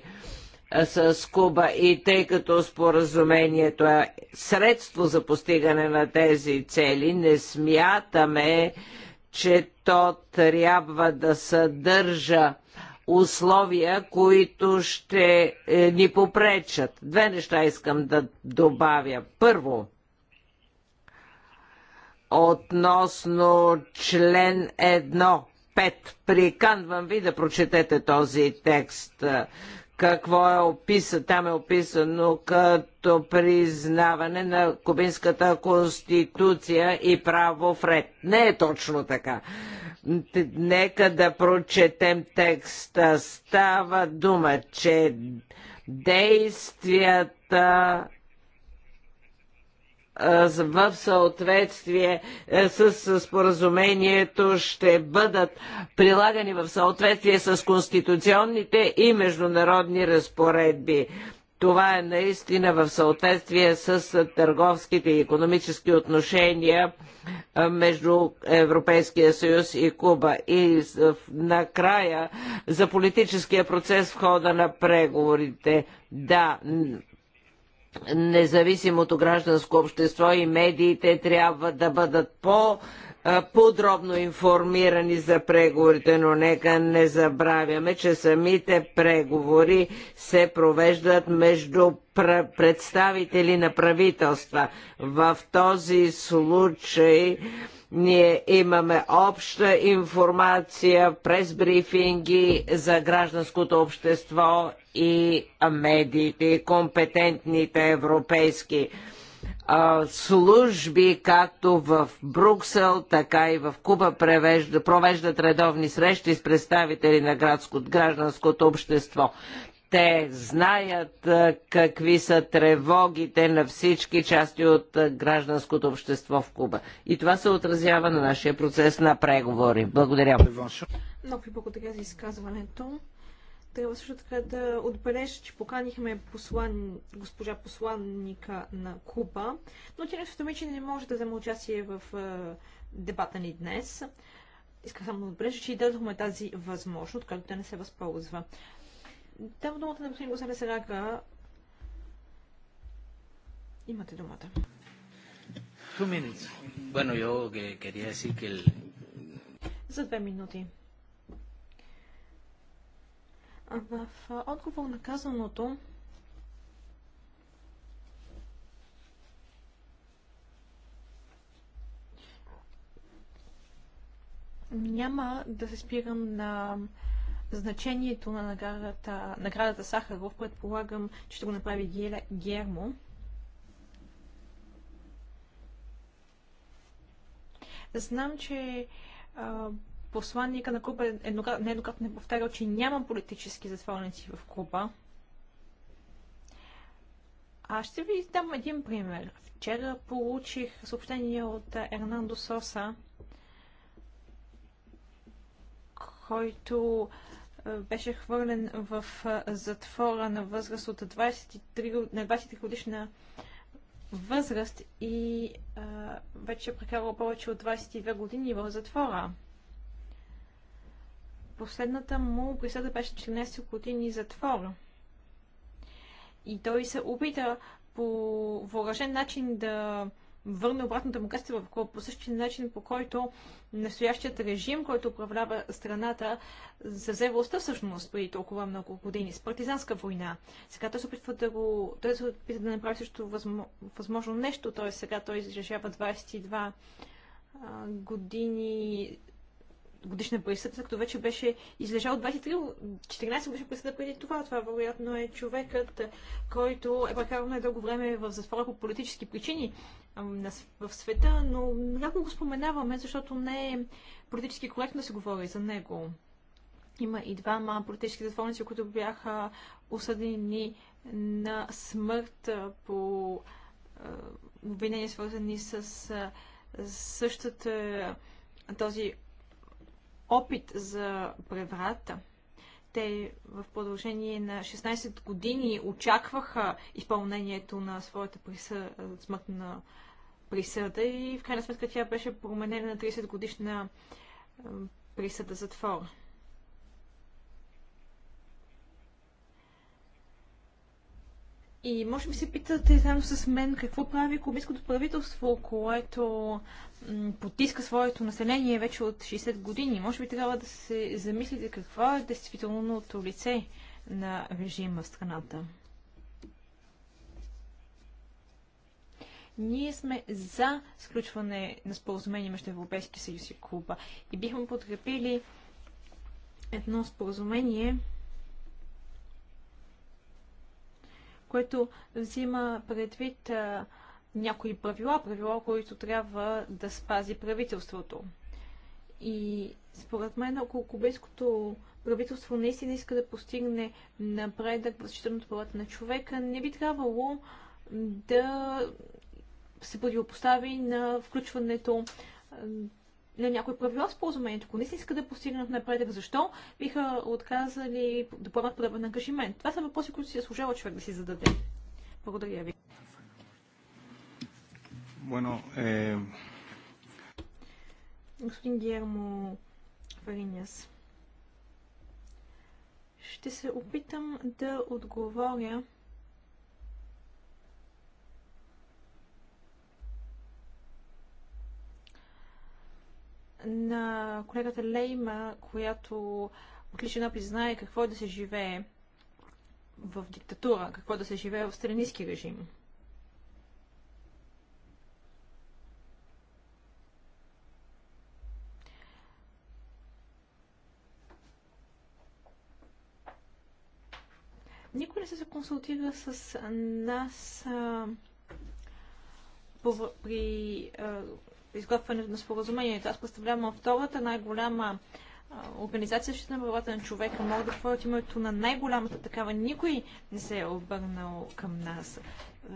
с Куба и тъй като споразумението е средство за постигане на тези цели, не смятаме, че то трябва да съдържа условия, които ще е, ни попречат. Две неща искам да добавя. Първо, относно член 1. 5. Приканвам ви да прочетете този текст какво е описано? там е описано като признаване на Кубинската конституция и право в ред. Не е точно така. Нека да прочетем текста. Става дума, че действията в съответствие с споразумението ще бъдат прилагани в съответствие с конституционните и международни разпоредби. Това е наистина в съответствие с търговските и економически отношения между Европейския съюз и Куба. И накрая за политическия процес в хода на преговорите. Да, независимото гражданско общество и медиите трябва да бъдат по- подробно информирани за преговорите, но нека не забравяме, че самите преговори се провеждат между представители на правителства. В този случай ние имаме обща информация през брифинги за гражданското общество и медиите, и компетентните европейски служби, както в Бруксел, така и в Куба превежда, провеждат редовни срещи с представители на градско, гражданското общество. Те знаят какви са тревогите на всички части от гражданското общество в Куба. И това се отразява на нашия процес на преговори. Благодаря. Много ви благодаря за изказването. Трябва също така да отбележа, че поканихме послан... госпожа посланника на Куба, но тя не че не може да вземе участие в дебата ни днес. Искам само да отбележа, че и дадохме тази възможност, която тя не се възползва. Дам думата на господин Госаре Сарага. Имате думата. За две минути. В отговор на казаното, няма да се спирам на значението на наградата, наградата Сахаров. Предполагам, че ще го направи Гермо. Знам, че а, посланника на Куба нееднократно не повтарял, че няма политически затворници в Куба. А ще ви дам един пример. Вчера получих съобщение от Ернандо Соса, който е, беше хвърлен в е, затвора на възраст от 23, на 23 годишна възраст и а, е, вече е прекарал повече от 22 години в затвора. Последната му присъда беше 14 години затвора. И той се опита по въоръжен начин да върне обратно демокрацията в Куба по същия начин, по който настоящият режим, който управлява страната, завзе властта всъщност преди толкова много години с партизанска война. Сега той се опитва да го... Той се опитва да направи също възмо... възможно нещо, т.е. сега той изрешава 22 години годишна присъда, като вече беше излежал 23, 14 годишна присъда преди това. Това вероятно е човекът, който е прекарал най-дълго време в затвора по политически причини в света, но рядко го споменаваме, защото не е политически коректно да се говори за него. Има и двама политически затворници, които бяха осъдени на смърт по обвинения, свързани с същата този опит за преврата, Те в продължение на 16 години очакваха изпълнението на своята присъ... смъртна присъда и в крайна сметка тя беше променена на 30 годишна присъда затвора. И може би се питате заедно с мен какво прави кубинското правителство, което потиска своето население вече от 60 години. Може би трябва да се замислите какво е действителното лице на режима в страната. Ние сме за сключване на споразумение между Европейския съюз и Куба и бихме подкрепили едно споразумение, което взима предвид някои правила, правила, които трябва да спази правителството. И според мен, ако кубейското правителство наистина иска да постигне напредък в защитното правата на човека, не би трябвало да се противопостави на включването на някои правила в споразумението, ако не си иска да постигнат напредък, защо биха отказали да поемат подобен ангажимент? Това са въпроси, които си е служава човек да си зададе. Благодаря ви. Bueno, eh... Господин Гермо Фариняс, ще се опитам да отговоря на колегата Лейма, която отлично признае знае какво е да се живее в диктатура, какво е да се живее в странински режим. Никой не се консултира с нас а, по, при изготвянето на споразумението. Аз представлявам втората най-голяма Организация защита на правата на човека мога да говоря от името на най-голямата такава. Никой не се е обърнал към нас.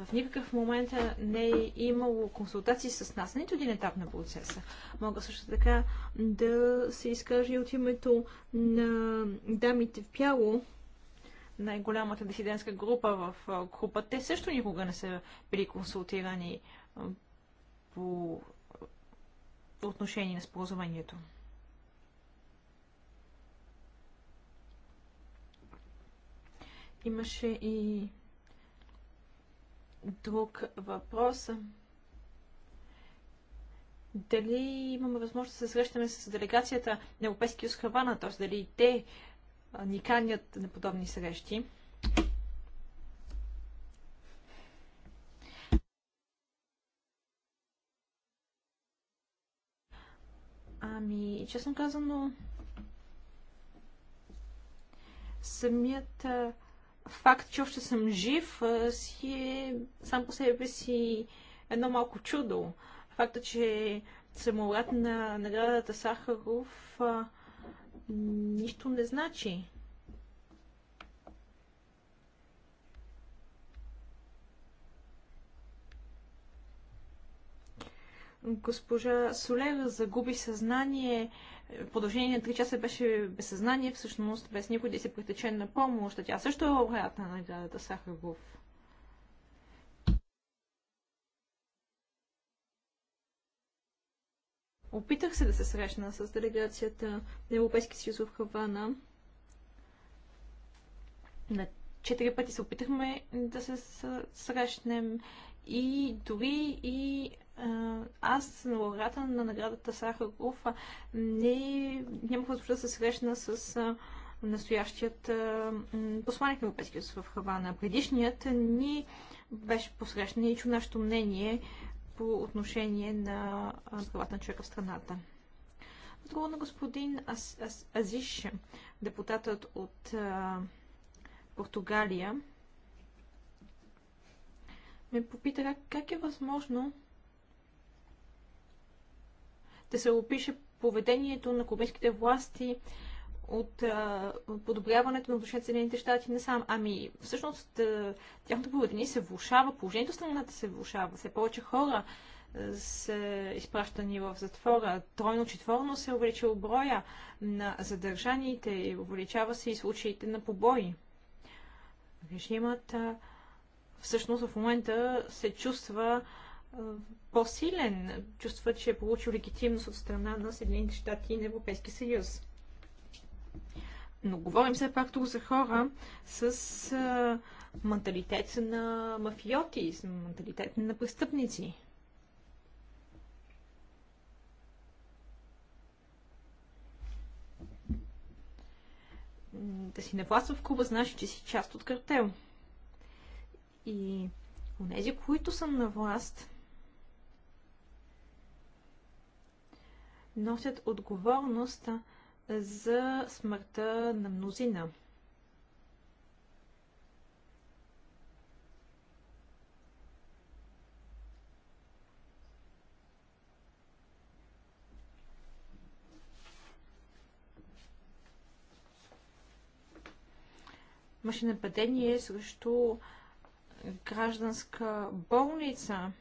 В никакъв момент не е имало консултации с нас нито един етап на процеса. Мога също така да се изкажа и от името на дамите в най-голямата дисидентска група в група. Те също никога не са били консултирани по отношение на използването. Имаше и друг въпрос. Дали имаме възможност да се срещаме с делегацията на Европейския съюз Хавана, т.е. дали те ни канят на подобни срещи? честно казано, самият факт, че още съм жив, си е сам по себе си едно малко чудо. Факта, че съм на наградата Сахаров, а, нищо не значи. Госпожа Солер загуби съзнание. В продължение на 3 часа беше без съзнание, всъщност без никой да се притече на помощ. Тя също е лауреат на наградата Сахаров. Опитах се да се срещна с делегацията на Европейския съюз в Хавана. На четири пъти се опитахме да се срещнем и дори и е, аз, на лауреата на наградата Сахаров, не, нямах възможност да се срещна с а, настоящият а, посланник на Европейския съюз в Хавана. Предишният ни беше посрещна и чу нашето мнение по отношение на правата на човека в страната. Друго на господин Аз, Аз, Азиш, депутатът от а, Португалия, ме попита как е възможно да се опише поведението на кубинските власти от, а, подобряването на отношенията с Съединените щати не сам. Ами, всъщност, тяхното поведение се влушава, положението в страната се влушава, все повече хора се изпращани в затвора. Тройно-четворно се е увеличи броя на задържаните и увеличава се и случаите на побои. Режимът всъщност в момента се чувства а, по-силен, чувства, че е получил легитимност от страна на Съединените щати и на Европейски съюз. Но говорим все пак тук за хора с а, менталитет на мафиоти, с менталитет на престъпници. Да си на власт в Куба значи, че си част от картел. И нези, които са на власт, носят отговорност за смъртта на мнозина. Имаше нападение срещу гражданска болница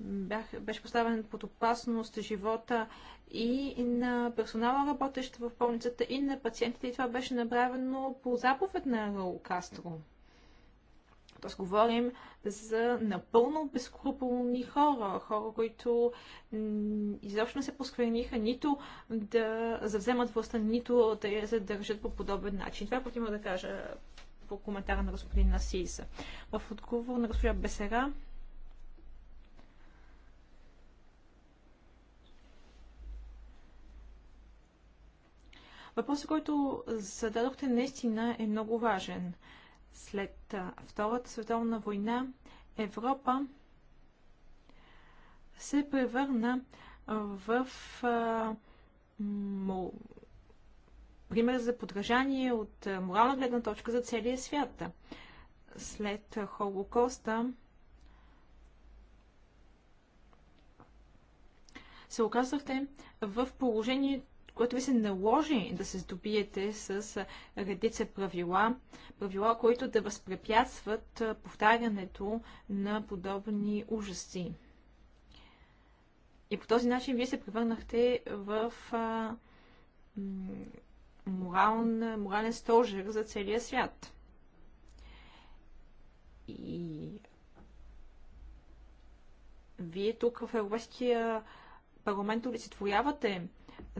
бях, беше поставен под опасност живота и на персонала работещ в болницата и на пациентите и това беше направено по заповед на Рол Кастро. Тоест говорим за напълно безкруполни хора, хора, които изобщо не се поскверниха нито да завземат властта, нито да я задържат по подобен начин. Това е което има да кажа по коментара на господин Насиса. В отговор на госпожа Бесера Въпросът, който зададохте, наистина е много важен. След Втората световна война Европа се превърна в а, му, пример за подражание от морална гледна точка за целия свят. След Холокоста се оказахте в положението което ви се наложи да се здобиете с редица правила, правила, които да възпрепятстват повтарянето на подобни ужаси. И по този начин вие се превърнахте в а, морален, морален стожер за целия свят. И вие тук в Европейския парламент олицетворявате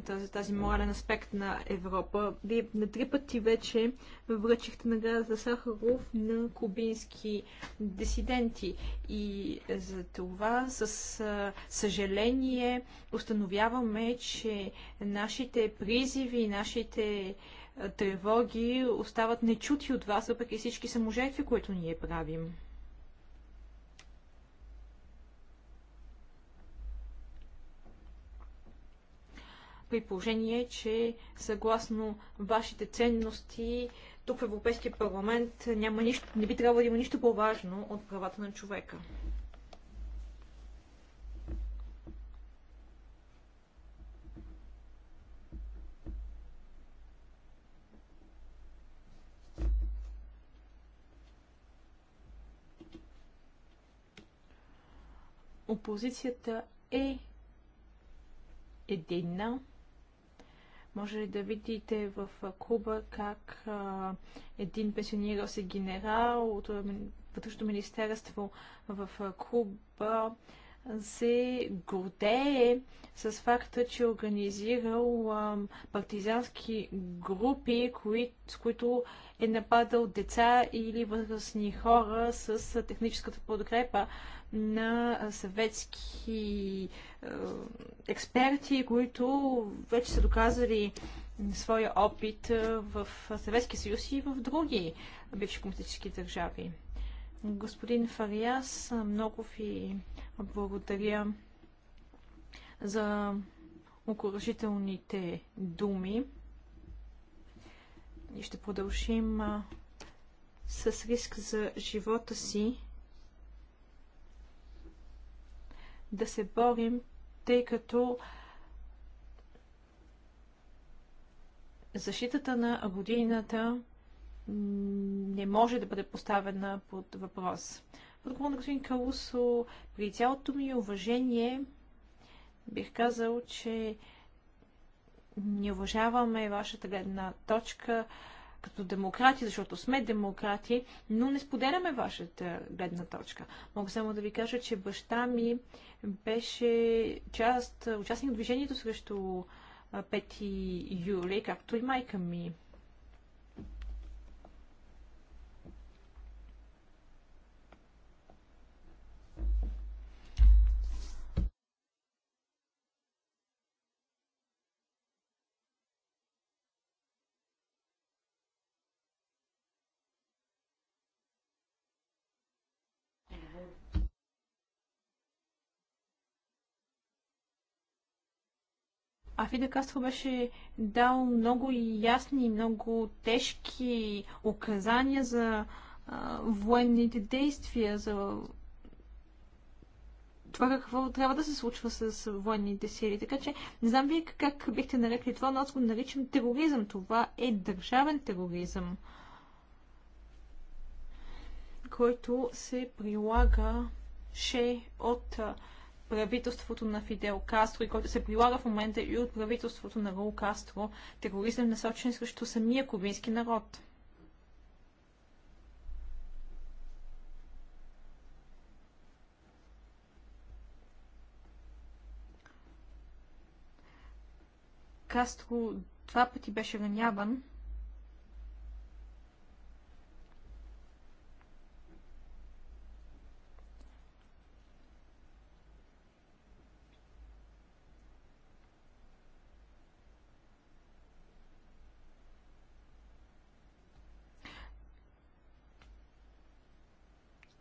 този, тази морален аспект на Европа. Вие на три пъти вече връчихте за Сахаров на кубински дисиденти. И за това с съжаление установяваме, че нашите призиви, нашите тревоги остават нечути от вас, въпреки всички саможертви, които ние правим. при положение, че съгласно вашите ценности тук в Европейския парламент няма нищо, не би трябвало да има нищо по-важно от правата на човека. опозицията е единна. Може ли да видите в Куба как един пенсионирал се генерал от вътрешното министерство в Куба се гордее с факта, че е организирал а, партизански групи, кои, с които е нападал деца или възрастни хора с а, техническата подкрепа на а, съветски а, експерти, които вече са доказали своя опит в Съветския съюз и в други бивши комунистически държави. Господин Фариас, много ви благодаря за окоръжителните думи. И ще продължим с риск за живота си да се борим, тъй като защитата на годината не може да бъде поставена под въпрос. Отговор на господин Калусо, при цялото ми уважение бих казал, че не уважаваме вашата гледна точка като демократи, защото сме демократи, но не споделяме вашата гледна точка. Мога само да ви кажа, че баща ми беше част, участник в движението срещу 5 юли, както и майка ми. А Фиде Кастро беше дал много ясни, много тежки указания за а, военните действия, за това какво трябва да се случва с военните сили. Така че не знам вие как бихте нарекли това, но аз го наричам тероризъм. Това е държавен тероризъм, който се прилага ше от правителството на Фидел Кастро и който се прилага в момента и от правителството на Рул Кастро, тероризъм насочен срещу самия кубински народ. Кастро два пъти беше раняван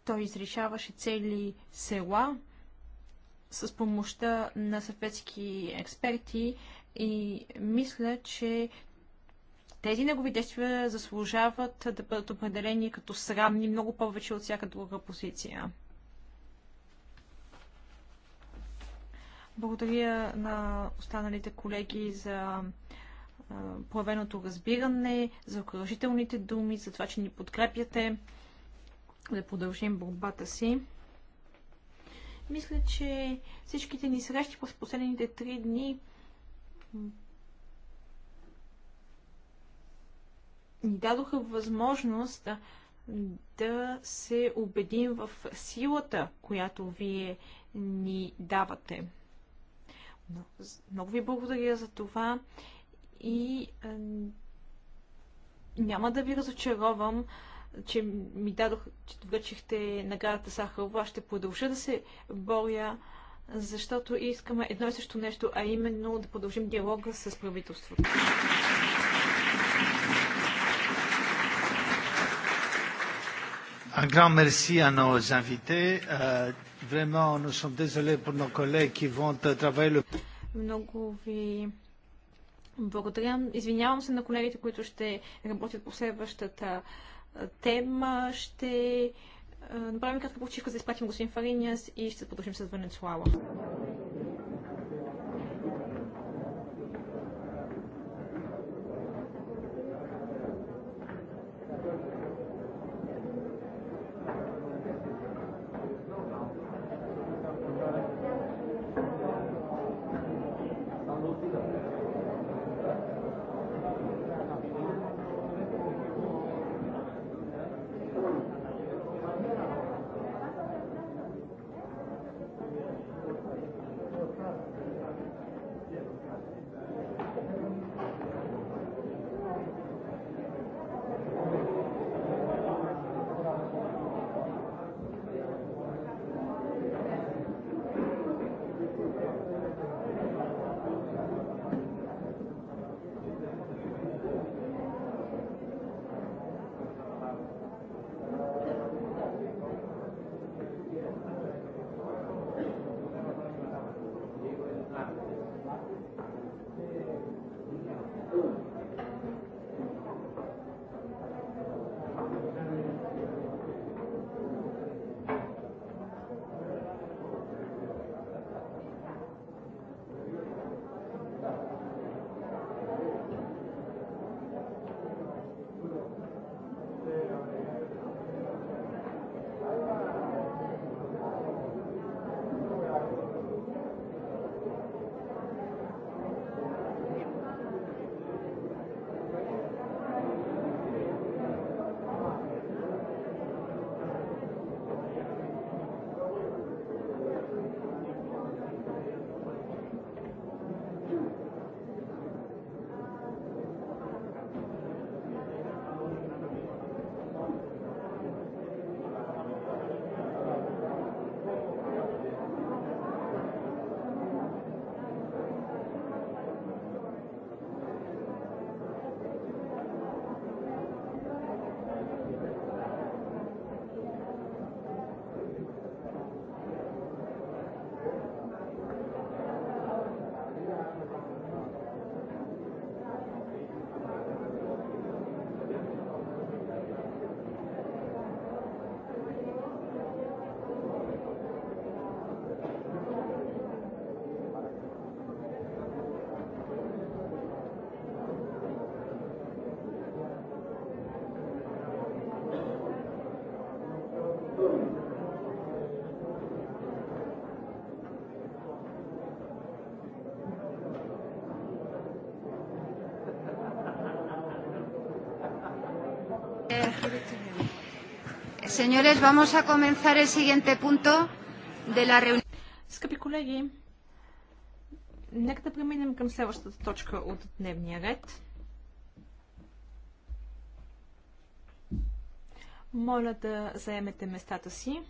Той изрешаваше цели села с помощта на съветски експерти и мисля, че тези негови действия заслужават да бъдат определени като срамни много повече от всяка друга позиция. Благодаря на останалите колеги за проявеното разбиране, за окръжителните думи, за това, че ни подкрепяте да продължим борбата си. Мисля, че всичките ни срещи през последните три дни ни дадоха възможност да се убедим в силата, която вие ни давате. Много ви благодаря за това и няма да ви разочаровам че ми дадох, че връчихте наградата Сахарова. Ще продължа да се боря, защото искаме едно и също нещо, а именно да продължим диалога с правителството. Un grand merci à nos invités. Euh, vraiment, nous sommes désolés pour nos collègues qui vont euh, travailler le... Много ви благодаря. Извинявам се на колегите, които ще работят по следващата тема. Ще направим кратка почивка, за да изпратим господин Фариняс и ще се продължим с Венецуала. Señores, vamos a comenzar el siguiente punto de la reunión. Скъпи колеги, нека да преминем към следващата точка от дневния ред. Моля да заемете местата си.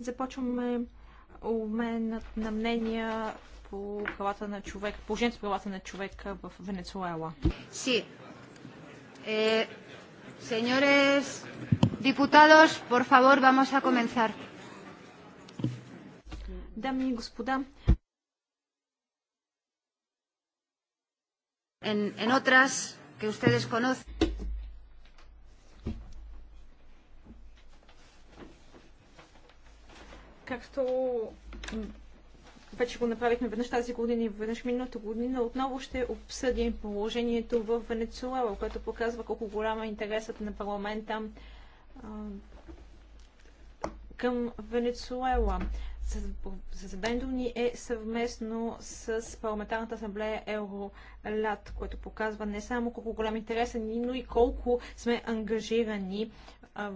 Започваме обменът на мнения по правата на човек, положението с правата на човека в Венецуела. Си. Sí. Eh, Señores diputados, por favor, vamos a comenzar. Дами господа, en, en otras que ustedes conocen. Както вече го направихме веднъж тази година и веднъж миналата година. Отново ще обсъдим положението в Венецуела, което показва колко голям е интересът на парламента към Венецуела. Заседанието ни е съвместно с парламентарната асамблея Евролат, което показва не само колко голям интерес е ни, но и колко сме ангажирани а,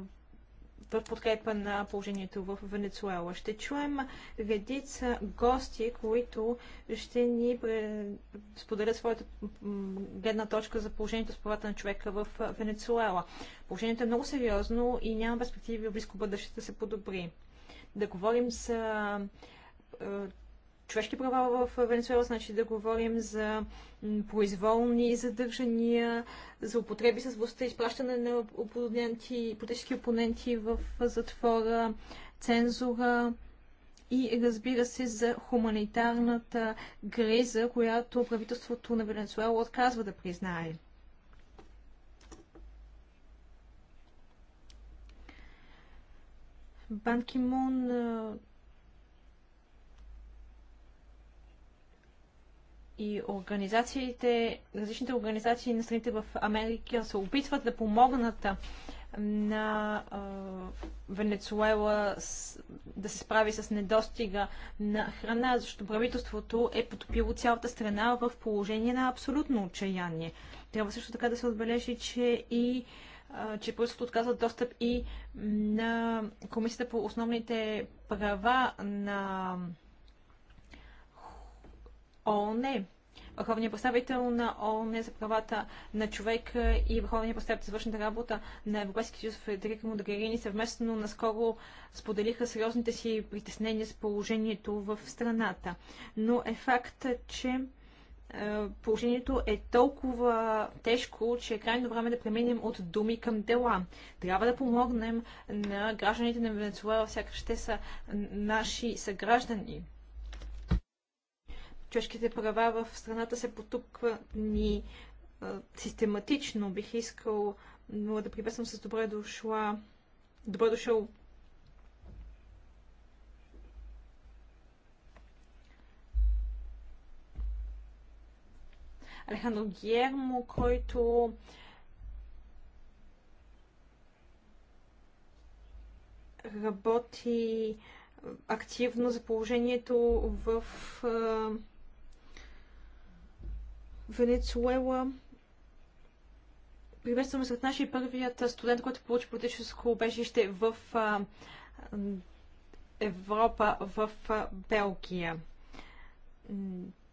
в подкрепа на положението в Венецуела. Ще чуем редица гости, които ще ни споделят своята гледна точка за положението с правата на човека в Венецуела. Положението е много сериозно и няма перспективи в близко бъдеще да се подобри. Да говорим с човешки права в Венецуела, значи да говорим за произволни задържания, за употреби с властта, изпращане на опоненти, политически опоненти в затвора, цензура и разбира се за хуманитарната гриза, която правителството на Венецуела отказва да признае. Банкимон и организациите, различните организации на страните в Америка се опитват да помогнат на а, Венецуела с, да се справи с недостига на храна, защото правителството е потопило цялата страна в положение на абсолютно отчаяние. Трябва също така да се отбележи, че и а, че правителството отказва достъп и на Комисията по основните права на ООН. Върховният представител на ООН за правата на човека и Върховният представител за вършната работа на Европейския съюз Федерика Модагерини съвместно наскоро споделиха сериозните си притеснения с положението в страната. Но е факт, че е, положението е толкова тежко, че е крайно време да преминем от думи към дела. Трябва да помогнем на гражданите на Венецуела, сякаш те са наши съграждани човешките права в страната се потупват ни систематично. Бих искал да приветствам с добре дошла, добре дошъл Алехандро Гермо, който работи активно за положението в Венецуела. Приветстваме сред нашия първият студент, който получи политическо убежище в а, Европа, в а, Белгия.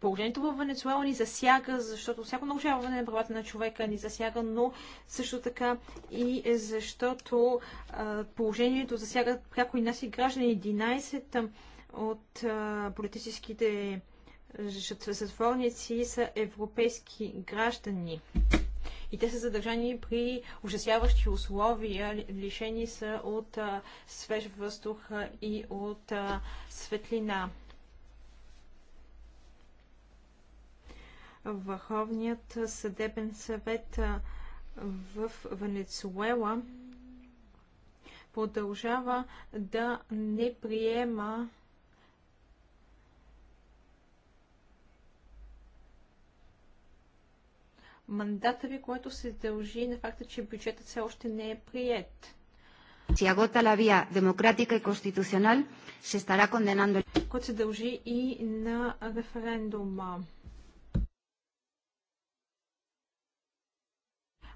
Положението в Венецуела ни засяга, защото всяко нарушаване на правата на човека ни засяга, но също така и защото а, положението засяга пряко и и граждани. 11 от а, политическите затворници са европейски граждани. И те са задържани при ужасяващи условия, лишени са от а, свеж въздух и от а, светлина. Върховният съдебен съвет в Венецуела продължава да не приема мандата ви, което се дължи на факта, че бюджетът все още не е прият. Си агота ла вия демократика и конституционал, се стара конденандо. Което се дължи и на референдума.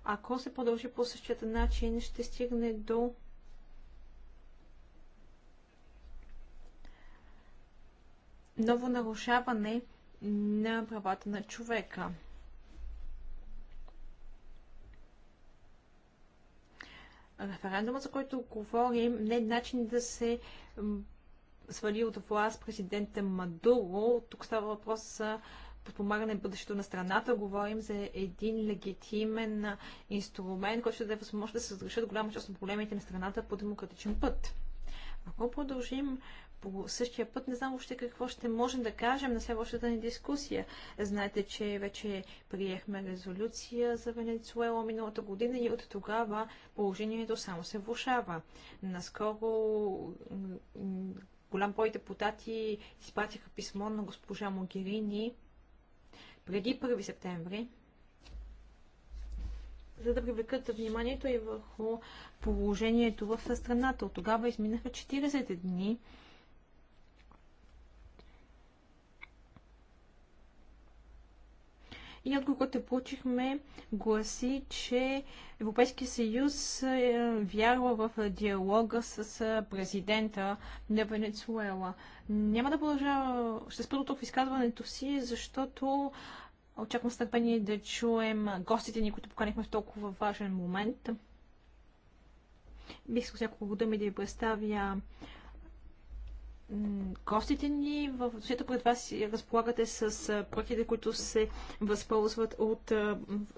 Ако се продължи по същия начин, ще стигне до ново нарушаване на правата на човека. Референдума, за който говорим, не е начин да се свали от власт президента Мадуро. Тук става въпрос за подпомагане бъдещето на страната. Говорим за един легитимен инструмент, който ще даде възможност да се разрешат голяма част от проблемите на страната по демократичен път. Ако продължим по същия път. Не знам още какво ще можем да кажем на следващата ни дискусия. Знаете, че вече приехме резолюция за Венецуела миналата година и от тогава положението само се влушава. Наскоро голям брой депутати изпратиха писмо на госпожа Могерини преди 1 септември, за да привлекат вниманието и върху положението в страната. От тогава изминаха 40 дни И отговор, който получихме, гласи, че Европейския съюз е, вярва в диалога с президента на Венецуела. Няма да продължа, ще спра тук в изказването си, защото очаквам с търпение да чуем гостите ни, които поканихме в толкова важен момент. Бих искал няколко думи да ви представя гостите ни в досието пред вас разполагате с проектите, които се възползват от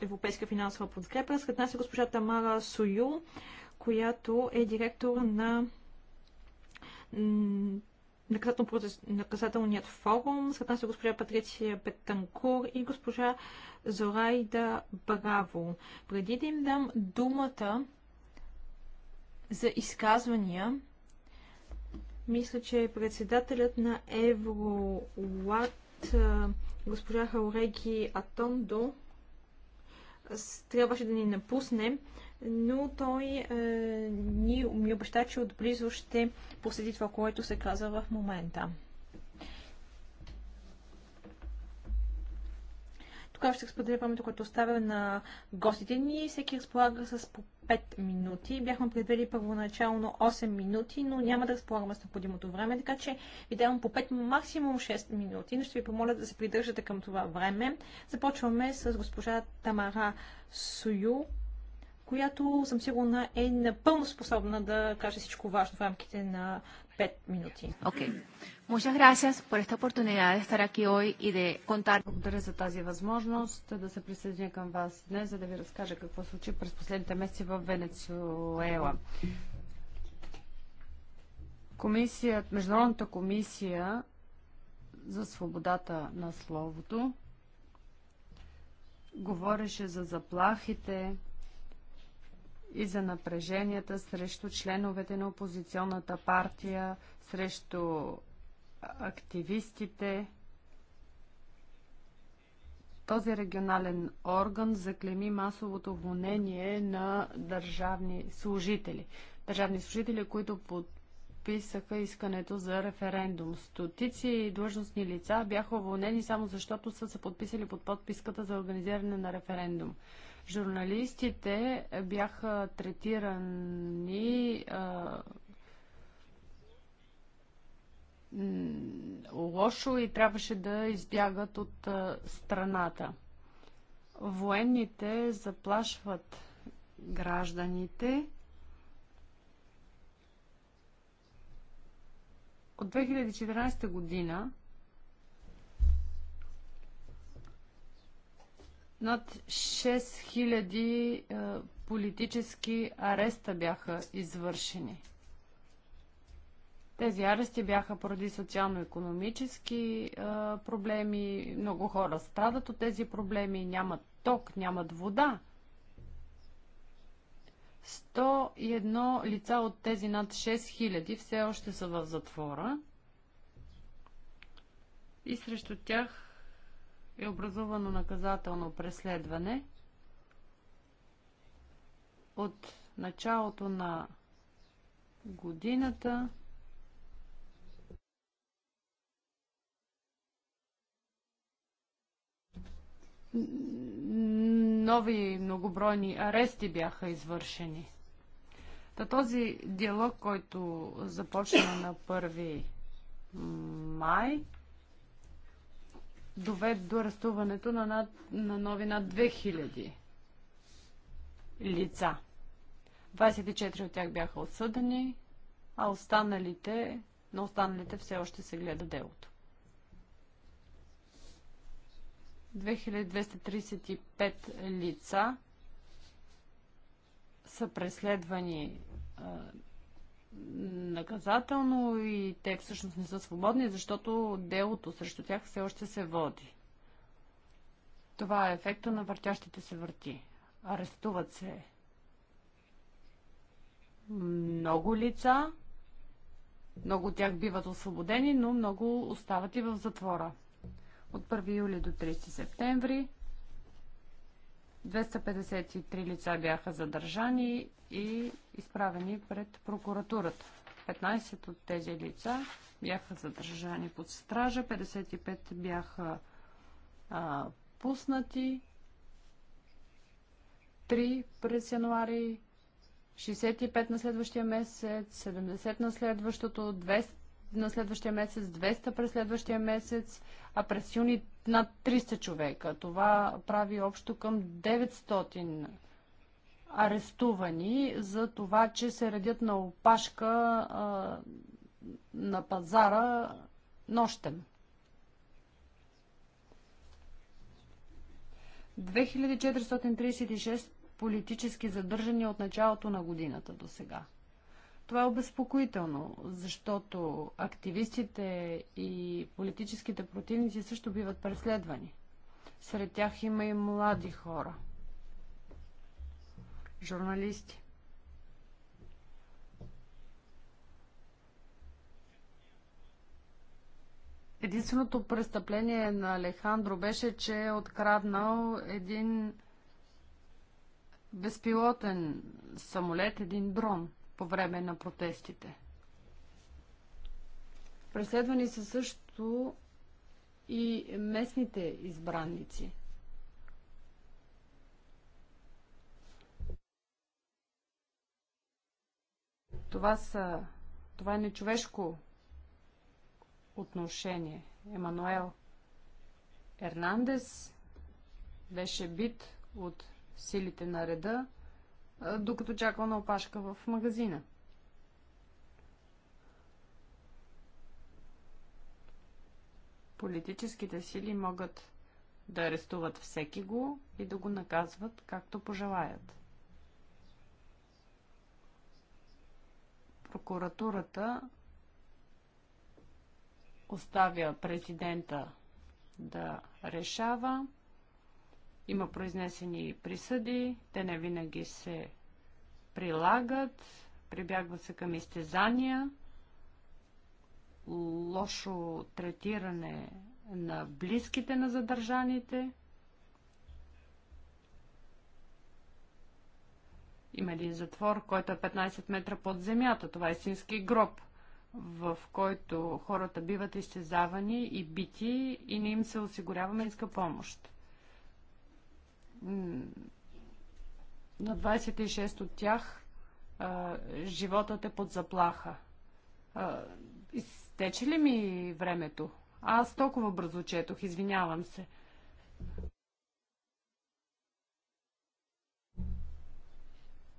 Европейска финансова подкрепа. Сред нас е госпожа Тамара Сою, която е директор на наказателният форум. Сред нас е госпожа Патриция Петанкур и госпожа Зорайда Браво. Преди да им дам думата за изказвания, мисля, че председателят на Евролат, госпожа Хауреги Атондо, трябваше да ни напусне, но той е, ни, ми обеща, че отблизо ще посети това, което се каза в момента. Тогава ще споделя времето, което оставя на гостите ни. Всеки разполага с по 5 минути. Бяхме предвели първоначално 8 минути, но няма да разполагаме с необходимото време, така че ви давам по 5, максимум 6 минути, но ще ви помоля да се придържате към това време. Започваме с госпожа Тамара Сую, която съм сигурна е напълно способна да каже всичко важно в рамките на 5 минути. Окей. Okay. Muchas gracias por esta oportunidad de estar aquí hoy y de contar. Благодаря за тази възможност да се присъединя към вас днес, за да ви разкажа какво случи през последните месеци в Венецуела. Комисия, Международната комисия за свободата на словото говореше за заплахите и за напреженията срещу членовете на опозиционната партия, срещу активистите. Този регионален орган заклеми масовото уволнение на държавни служители. Държавни служители, които подписаха искането за референдум. Стотици и длъжностни лица бяха уволнени само защото са се подписали под подписката за организиране на референдум. Журналистите бяха третирани лошо и трябваше да избягат от страната. Военните заплашват гражданите. От 2014 година над 6000 политически ареста бяха извършени. Тези арести бяха поради социално-економически проблеми. Много хора страдат от тези проблеми. Нямат ток, нямат вода. 101 лица от тези над 6000 все още са в затвора. И срещу тях е образувано наказателно преследване. От началото на годината нови многобройни арести бяха извършени. Та този диалог, който започна на 1 май, доведе до арестуването на, над, на нови над 2000 лица. 24 от тях бяха осъдени, а останалите, на останалите все още се гледа делото. 2235 лица са преследвани наказателно и те всъщност не са свободни, защото делото срещу тях все още се води. Това е ефекта на въртящите се върти. Арестуват се много лица, много от тях биват освободени, но много остават и в затвора от 1 юли до 30 септември. 253 лица бяха задържани и изправени пред прокуратурата. 15 от тези лица бяха задържани под стража, 55 бяха а, пуснати, 3 през януари, 65 на следващия месец, 70 на следващото, 200 на следващия месец, 200 през следващия месец, а през юни над 300 човека. Това прави общо към 900 арестувани за това, че се редят на опашка а, на пазара нощем. 2436 политически задържани от началото на годината до сега. Това е обезпокоително, защото активистите и политическите противници също биват преследвани. Сред тях има и млади хора, журналисти. Единственото престъпление на Алехандро беше, че е откраднал един безпилотен самолет, един дрон по време на протестите. Преследвани са също и местните избранници. Това, са, това е нечовешко отношение. Емануел Ернандес беше бит от силите на реда докато чакал на опашка в магазина. Политическите сили могат да арестуват всеки го и да го наказват както пожелаят. Прокуратурата оставя президента да решава има произнесени присъди, те не винаги се прилагат, прибягват се към изтезания, лошо третиране на близките на задържаните. Има един затвор, който е 15 метра под земята. Това е истински гроб, в който хората биват изтезавани и бити и не им се осигурява медицинска помощ на 26 от тях а, животът е под заплаха. А, изтече ли ми времето? Аз толкова бързо четох, извинявам се.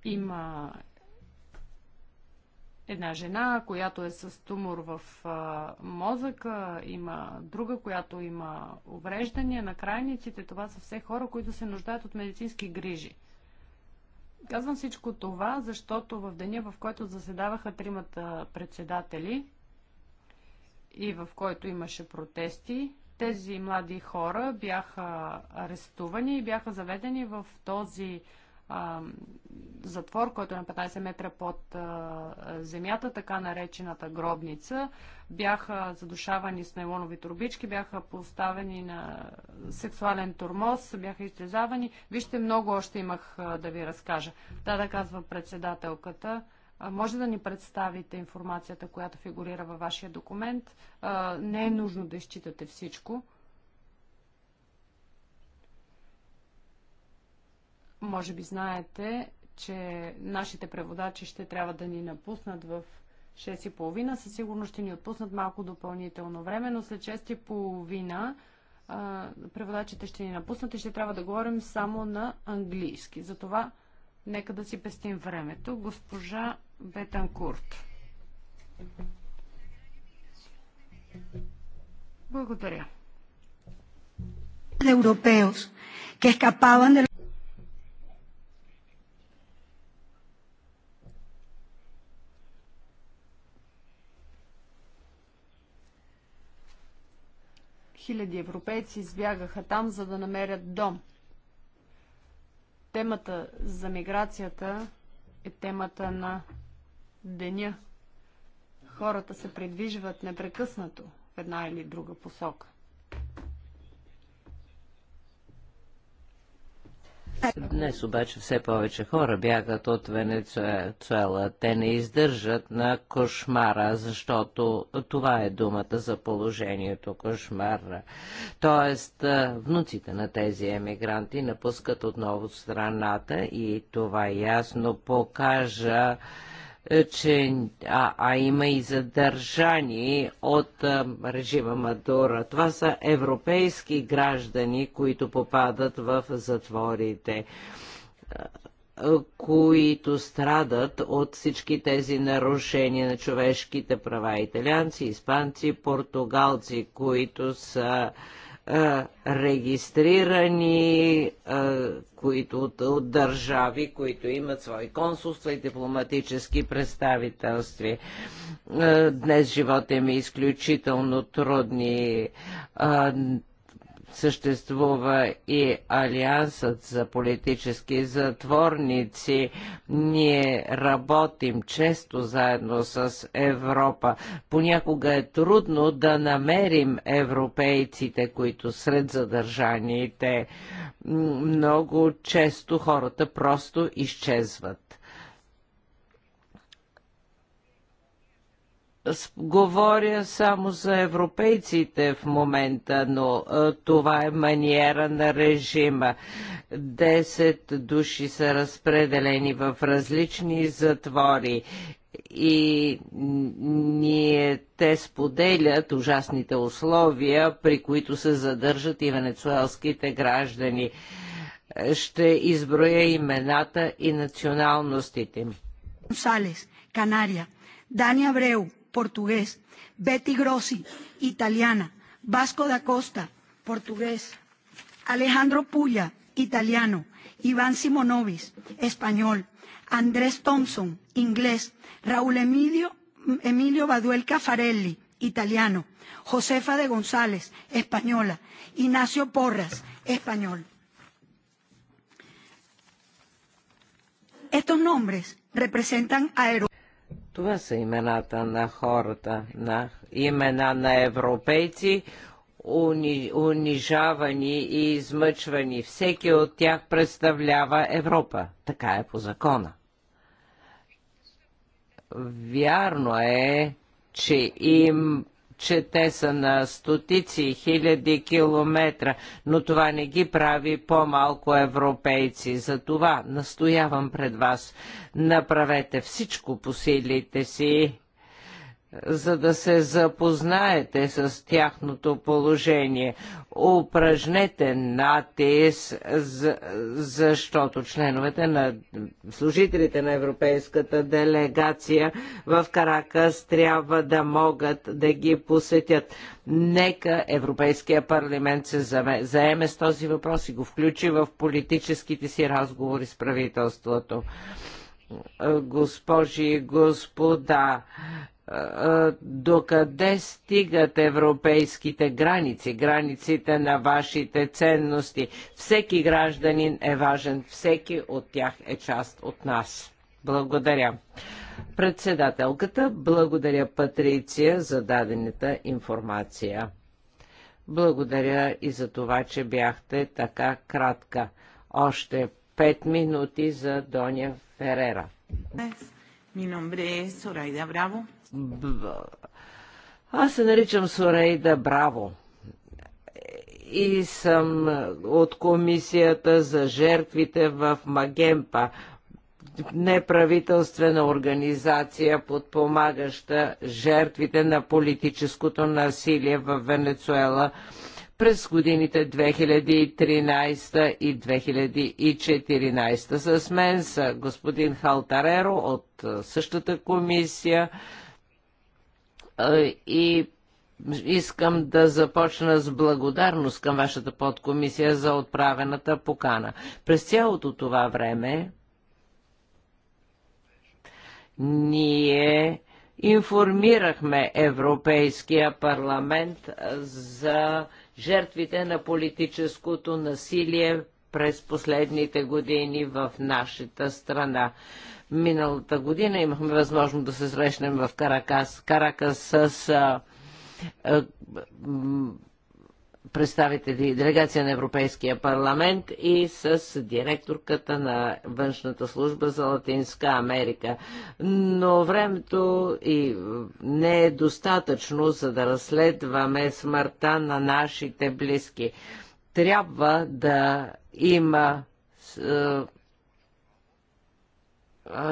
Има една жена, която е с тумор в а, мозъка, има друга, която има увреждания на крайниците. Това са все хора, които се нуждаят от медицински грижи. Казвам всичко това, защото в деня, в който заседаваха тримата председатели и в който имаше протести, тези млади хора бяха арестувани и бяха заведени в този затвор, който е на 15 метра под земята, така наречената гробница. Бяха задушавани с нейлонови трубички, бяха поставени на сексуален турмоз, бяха изтезавани. Вижте, много още имах да ви разкажа. Та да казва председателката. Може да ни представите информацията, която фигурира във вашия документ. Не е нужно да изчитате всичко. Може би знаете, че нашите преводачи ще трябва да ни напуснат в 6.30. Със сигурност ще ни отпуснат малко допълнително време, но след 6.30 преводачите ще ни напуснат и ще трябва да говорим само на английски. Затова нека да си пестим времето. Госпожа Бетанкурт. Благодаря. que escapaban de Хиляди европейци избягаха там, за да намерят дом. Темата за миграцията е темата на деня. Хората се придвижват непрекъснато в една или друга посока. Днес обаче все повече хора бягат от Венецуела. Те не издържат на кошмара, защото това е думата за положението кошмара. Тоест, внуците на тези емигранти напускат отново страната и това ясно покажа е, че, а, а има и задържани от а, е, режима Мадура. Това са европейски граждани, които попадат в затворите е, които страдат от всички тези нарушения на човешките права. Италианци, испанци, португалци, които са регистрирани, които от, от държави, които имат свои консулства и дипломатически представителства. Днес живота ми е изключително трудни. Съществува и Алиансът за политически затворници. Ние работим често заедно с Европа. Понякога е трудно да намерим европейците, които сред задържаните. Много често хората просто изчезват. Говоря само за европейците в момента, но това е маниера на режима. Десет души са разпределени в различни затвори и ние те споделят ужасните условия, при които се задържат и венецуелските граждани. Ще изброя имената и националностите им. Канария, Дани Абреу, portugués, Betty Grossi, italiana, Vasco da Costa, portugués, Alejandro Puya, italiano, Iván Simonovis, español, Andrés Thompson, inglés, Raúl Emilio, Emilio Baduel Cafarelli, italiano, Josefa de González, española, Ignacio Porras, español. Estos nombres representan a това са имената на хората, на имена на европейци, уни, унижавани и измъчвани. Всеки от тях представлява Европа. Така е по закона. Вярно е, че им че те са на стотици хиляди километра, но това не ги прави по-малко европейци. Затова настоявам пред вас, направете всичко по силите си за да се запознаете с тяхното положение. Упражнете натис, защото членовете на служителите на Европейската делегация в Каракас трябва да могат да ги посетят. Нека Европейския парламент се заеме с този въпрос и го включи в политическите си разговори с правителството. Госпожи и господа, докъде стигат европейските граници, границите на вашите ценности. Всеки гражданин е важен, всеки от тях е част от нас. Благодаря. Председателката, благодаря Патриция за дадената информация. Благодаря и за това, че бяхте така кратка. Още пет минути за Доня Ферера. Ми nombre е Сорайда Браво. Аз се наричам Сорейда Браво и съм от комисията за жертвите в Магемпа, неправителствена организация, подпомагаща жертвите на политическото насилие в Венецуела през годините 2013 и 2014. С мен са господин Халтареро от същата комисия, и искам да започна с благодарност към вашата подкомисия за отправената покана. През цялото това време ние информирахме Европейския парламент за жертвите на политическото насилие през последните години в нашата страна. Миналата година имахме възможност да се срещнем в Каракас, Каракас с а, а, представители, делегация на Европейския парламент и с директорката на външната служба за Латинска Америка. Но времето и не е достатъчно, за да разследваме смъртта на нашите близки. Трябва да има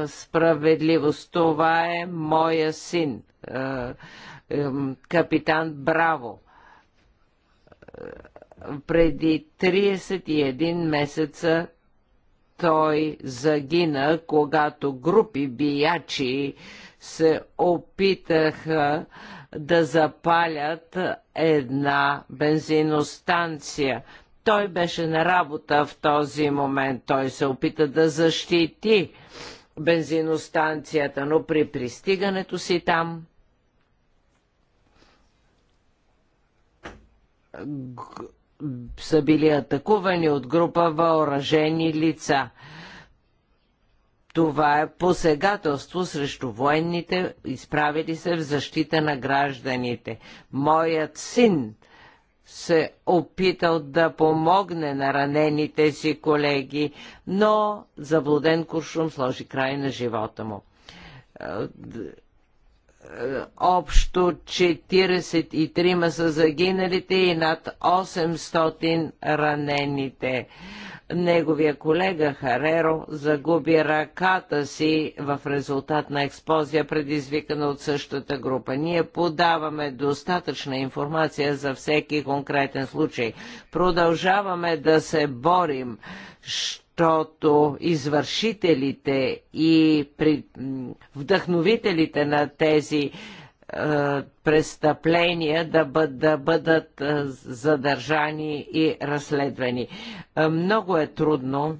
справедливост. Това е моя син, капитан Браво. Преди 31 месеца той загина, когато групи биячи се опитаха да запалят една бензиностанция. Той беше на работа в този момент. Той се опита да защити бензиностанцията, но при пристигането си там са били атакувани от група въоръжени лица. Това е посегателство срещу военните, изправили се в защита на гражданите. Моят син се опитал да помогне на ранените си колеги, но заблуден куршум сложи край на живота му. Общо 43 са загиналите и над 800 ранените. Неговия колега Хареро загуби ръката си в резултат на експозия, предизвикана от същата група. Ние подаваме достатъчна информация за всеки конкретен случай. Продължаваме да се борим защото извършителите и при... вдъхновителите на тези е, престъпления да, бъд, да бъдат е, задържани и разследвани. Е, много е трудно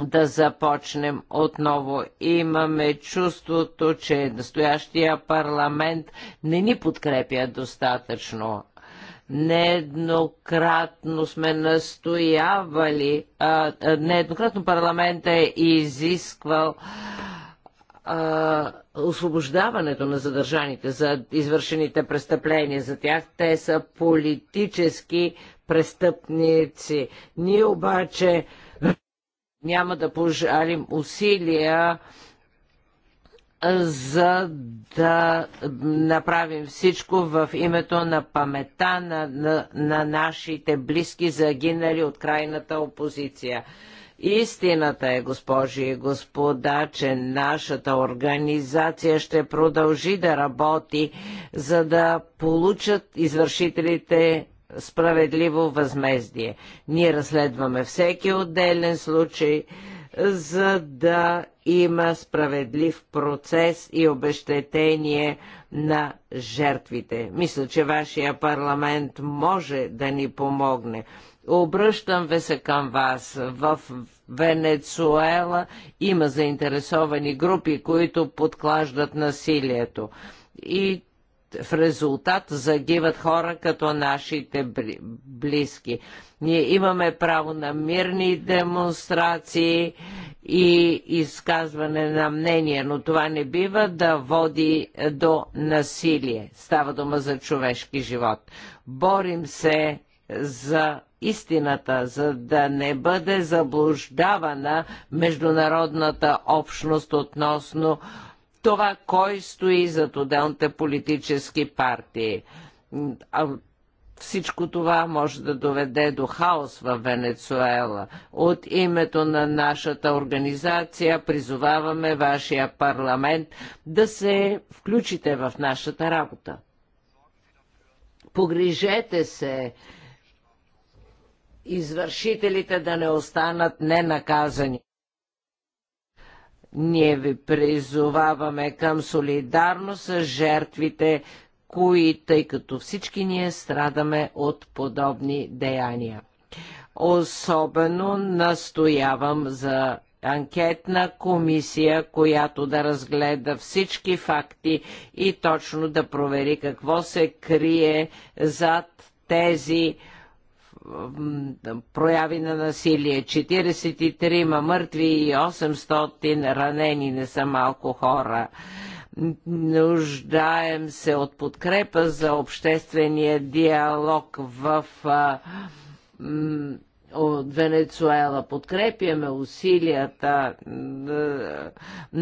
да започнем отново. Имаме чувството, че настоящия парламент не ни подкрепя достатъчно. Нееднократно сме настоявали, а, нееднократно парламент е изисквал а, а, освобождаването на задържаните за извършените престъпления. За тях те са политически престъпници. Ние обаче няма да пожалим усилия за да направим всичко в името на памета на, на, на нашите близки загинали от крайната опозиция. Истината е, госпожи и господа, че нашата организация ще продължи да работи, за да получат извършителите справедливо възмездие. Ние разследваме всеки отделен случай, за да има справедлив процес и обещетение на жертвите. Мисля, че вашия парламент може да ни помогне. Обръщам ве се към вас. В Венецуела има заинтересовани групи, които подклаждат насилието. И в резултат загиват хора като нашите близки. Ние имаме право на мирни демонстрации и изказване на мнение, но това не бива да води до насилие. Става дума за човешки живот. Борим се за истината, за да не бъде заблуждавана международната общност относно това, кой стои зад отделните политически партии. А всичко това може да доведе до хаос в Венецуела. От името на нашата организация призоваваме вашия парламент да се включите в нашата работа. Погрижете се, извършителите да не останат ненаказани. Ние ви призоваваме към солидарност с жертвите, кои, тъй като всички ние страдаме от подобни деяния. Особено настоявам за анкетна комисия, която да разгледа всички факти и точно да провери какво се крие зад тези прояви на насилие. 43 мъртви и 800 ранени не са малко хора. Нуждаем се от подкрепа за обществения диалог в а, от Венецуела. Подкрепяме усилията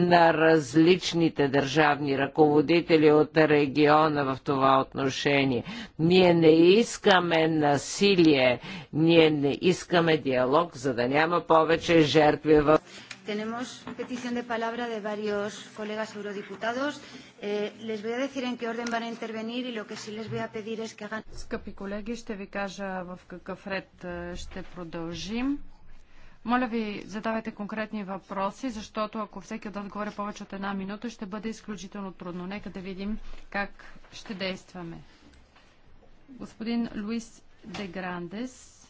на различните държавни ръководители от региона в това отношение. Ние не искаме насилие, ние не искаме диалог, за да няма повече жертви в Tenemos petición de palabra de varios colegas eurodiputados. Eh, les voy a decir en qué orden van a intervenir y lo que sí les voy a pedir es que hagan... Скъпи колеги, ще ви кажа в какъв ред е, ще продължим. Моля ви, задавайте конкретни въпроси, защото ако всеки да отговори повече от една минута, ще бъде изключително трудно. Нека да видим как ще действаме. Господин Луис Деграндес,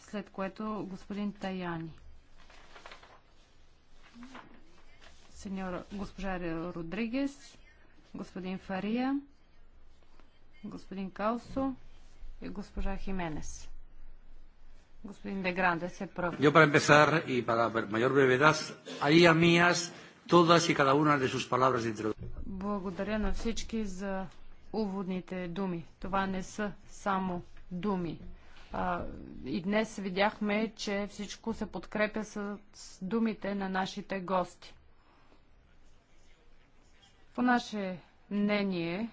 след което господин Таяни. сеньор госпожа Родригес, господин Фария, господин Калсо и госпожа Хименес. Господин Дегранде се пръв. Yo para empezar y para mayor brevedad, haría mías todas y cada una de sus palabras de Благодаря на всички за уводните думи. Това не са само думи. А, и днес видяхме, че всичко се подкрепя с думите на нашите гости. По наше мнение,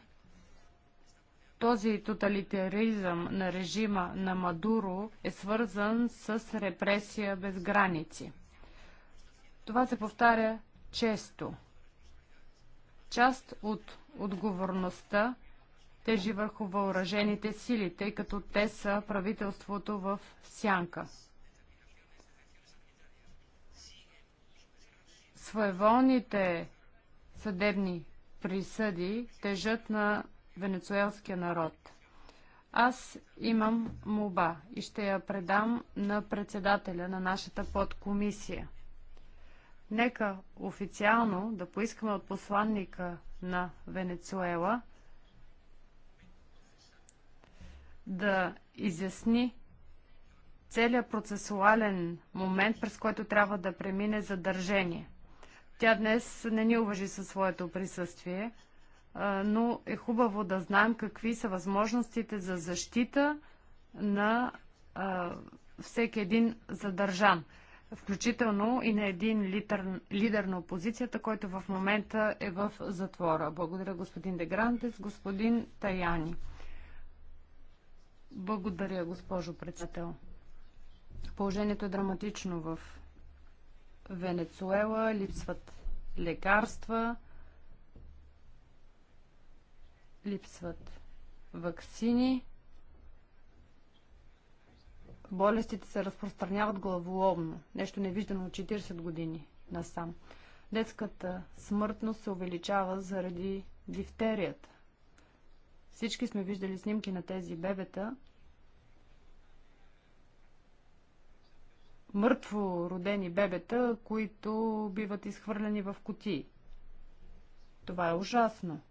този тоталитаризъм на режима на Мадуро е свързан с репресия без граници. Това се повтаря често. Част от отговорността тежи върху въоръжените сили, тъй като те са правителството в сянка. Своеволните съдебни присъди тежат на венецуелския народ. Аз имам моба и ще я предам на председателя на нашата подкомисия. Нека официално да поискаме от посланника на Венецуела да изясни целият процесуален момент, през който трябва да премине задържение. Тя днес не ни уважи със своето присъствие, но е хубаво да знаем какви са възможностите за защита на всеки един задържан, включително и на един литър, лидер на опозицията, който в момента е в затвора. Благодаря господин Дегрантес, господин Таяни. Благодаря, госпожо председател. Положението е драматично в Венецуела, липсват лекарства, липсват вакцини. Болестите се разпространяват главоломно. Нещо невиждано от 40 години насам. Детската смъртност се увеличава заради дифтерията. Всички сме виждали снимки на тези бебета – мъртво родени бебета, които биват изхвърлени в кутии. Това е ужасно.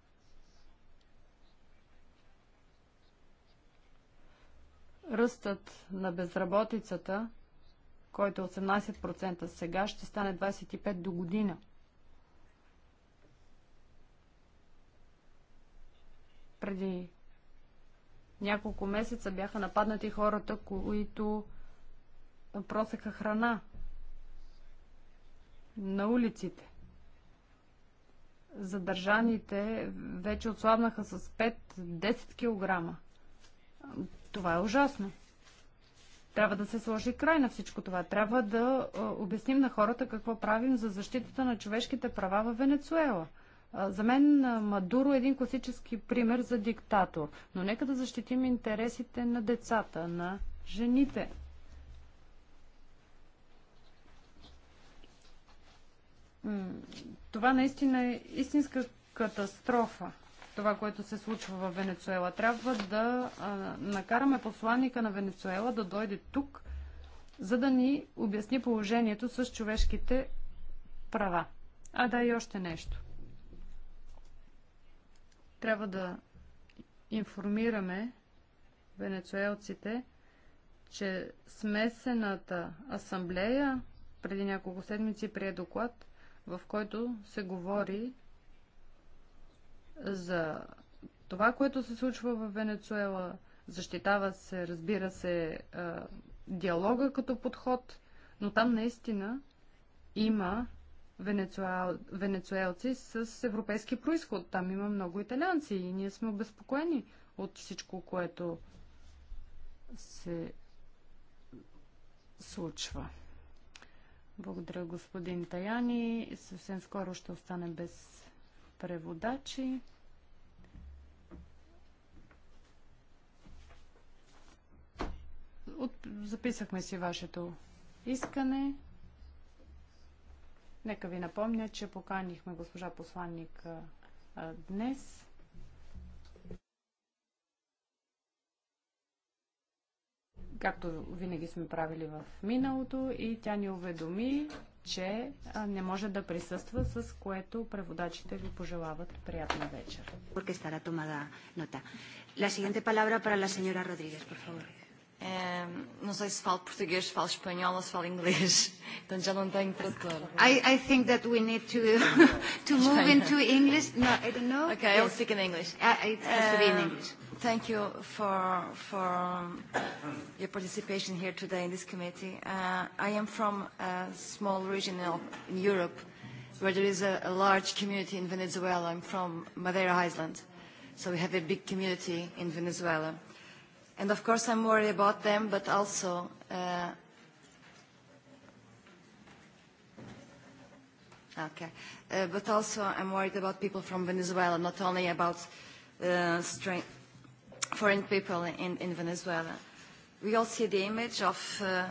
Ръстът на безработицата, който е 18% сега, ще стане 25% до година. Преди няколко месеца бяха нападнати хората, които просеха храна на улиците. Задържаните вече отслабнаха с 5-10 кг. Това е ужасно. Трябва да се сложи край на всичко това. Трябва да обясним на хората какво правим за защитата на човешките права в Венецуела. За мен Мадуро е един класически пример за диктатор. Но нека да защитим интересите на децата, на жените, това наистина е истинска катастрофа, това, което се случва в Венецуела. Трябва да а, накараме посланника на Венецуела да дойде тук, за да ни обясни положението с човешките права. А да, и още нещо. Трябва да информираме венецуелците, че смесената асамблея преди няколко седмици прие доклад – в който се говори за това, което се случва в Венецуела. Защитава се, разбира се, диалога като подход, но там наистина има венецуел... венецуелци с европейски происход. Там има много италианци и ние сме обезпокоени от всичко, което се случва. Благодаря, господин Таяни. Съвсем скоро ще остане без преводачи. От... Записахме си вашето искане. Нека ви напомня, че поканихме госпожа посланник днес. както винаги сме правили в миналото, и тя ни уведоми, че не може да присъства, с което преводачите ви пожелават приятна вечер. Porque estará tomada nota. La siguiente palabra para la señora Rodríguez, por favor não sei se falo português, se falo espanhol ou se falo inglês. Portanto, já não tenho I, I think that we need to, to move into English. No, I don't know. Okay, yes. I'll speak in English. Uh, it has to be in English. Thank you for, for your participation here today in this committee. Uh, I am from a small region in Europe where there is a, a large community in Venezuela. I'm from Madeira Island. So we have a big community in Venezuela And of course I'm worried about them, but also uh, Okay. Uh, but also I'm worried about people from Venezuela, not only about uh, foreign people in, in Venezuela. We all see the image of uh,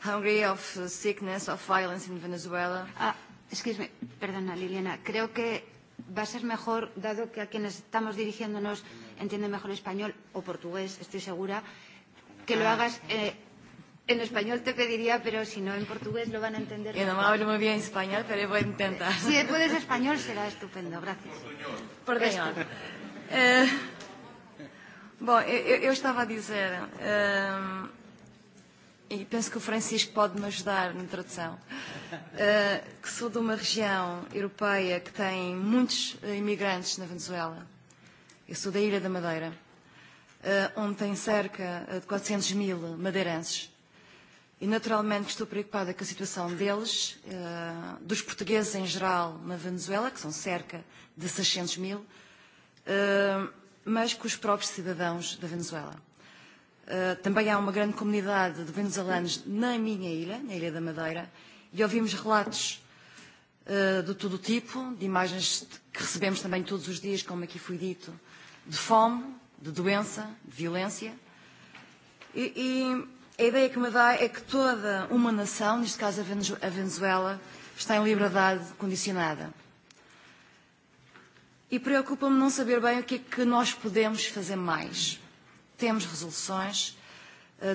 hungry, of uh, sickness, of violence in Venezuela. Ah, excuse me, perdona Liliana, creo que va a ser mejor, dado que a quienes estamos dirigiéndonos entiende mejor español o portugués, estoy segura, que lo hagas eh, en español te pediría, pero si no en portugués lo van a entender. Que no hablo muy bien español, pero voy a intentar. Si puedes español será estupendo, gracias. Por Eh bom, eu, eu estava a dizer, uh, e penso que o Francisco pode me ajudar na tradução, uh, que sou de uma região europeia que tem muitos imigrantes na Venezuela Eu sou da Ilha da Madeira, onde tem cerca de 400 mil madeirenses. E naturalmente estou preocupada com a situação deles, dos portugueses em geral na Venezuela, que são cerca de 600 mil, mas com os próprios cidadãos da Venezuela. Também há uma grande comunidade de venezuelanos na minha ilha, na Ilha da Madeira, e ouvimos relatos de todo tipo, de imagens que recebemos também todos os dias, como aqui foi dito, de fome, de doença, de violência. E, e a ideia que me dá é que toda uma nação, neste caso a Venezuela, está em liberdade condicionada. E preocupa-me não saber bem o que é que nós podemos fazer mais. Temos resoluções,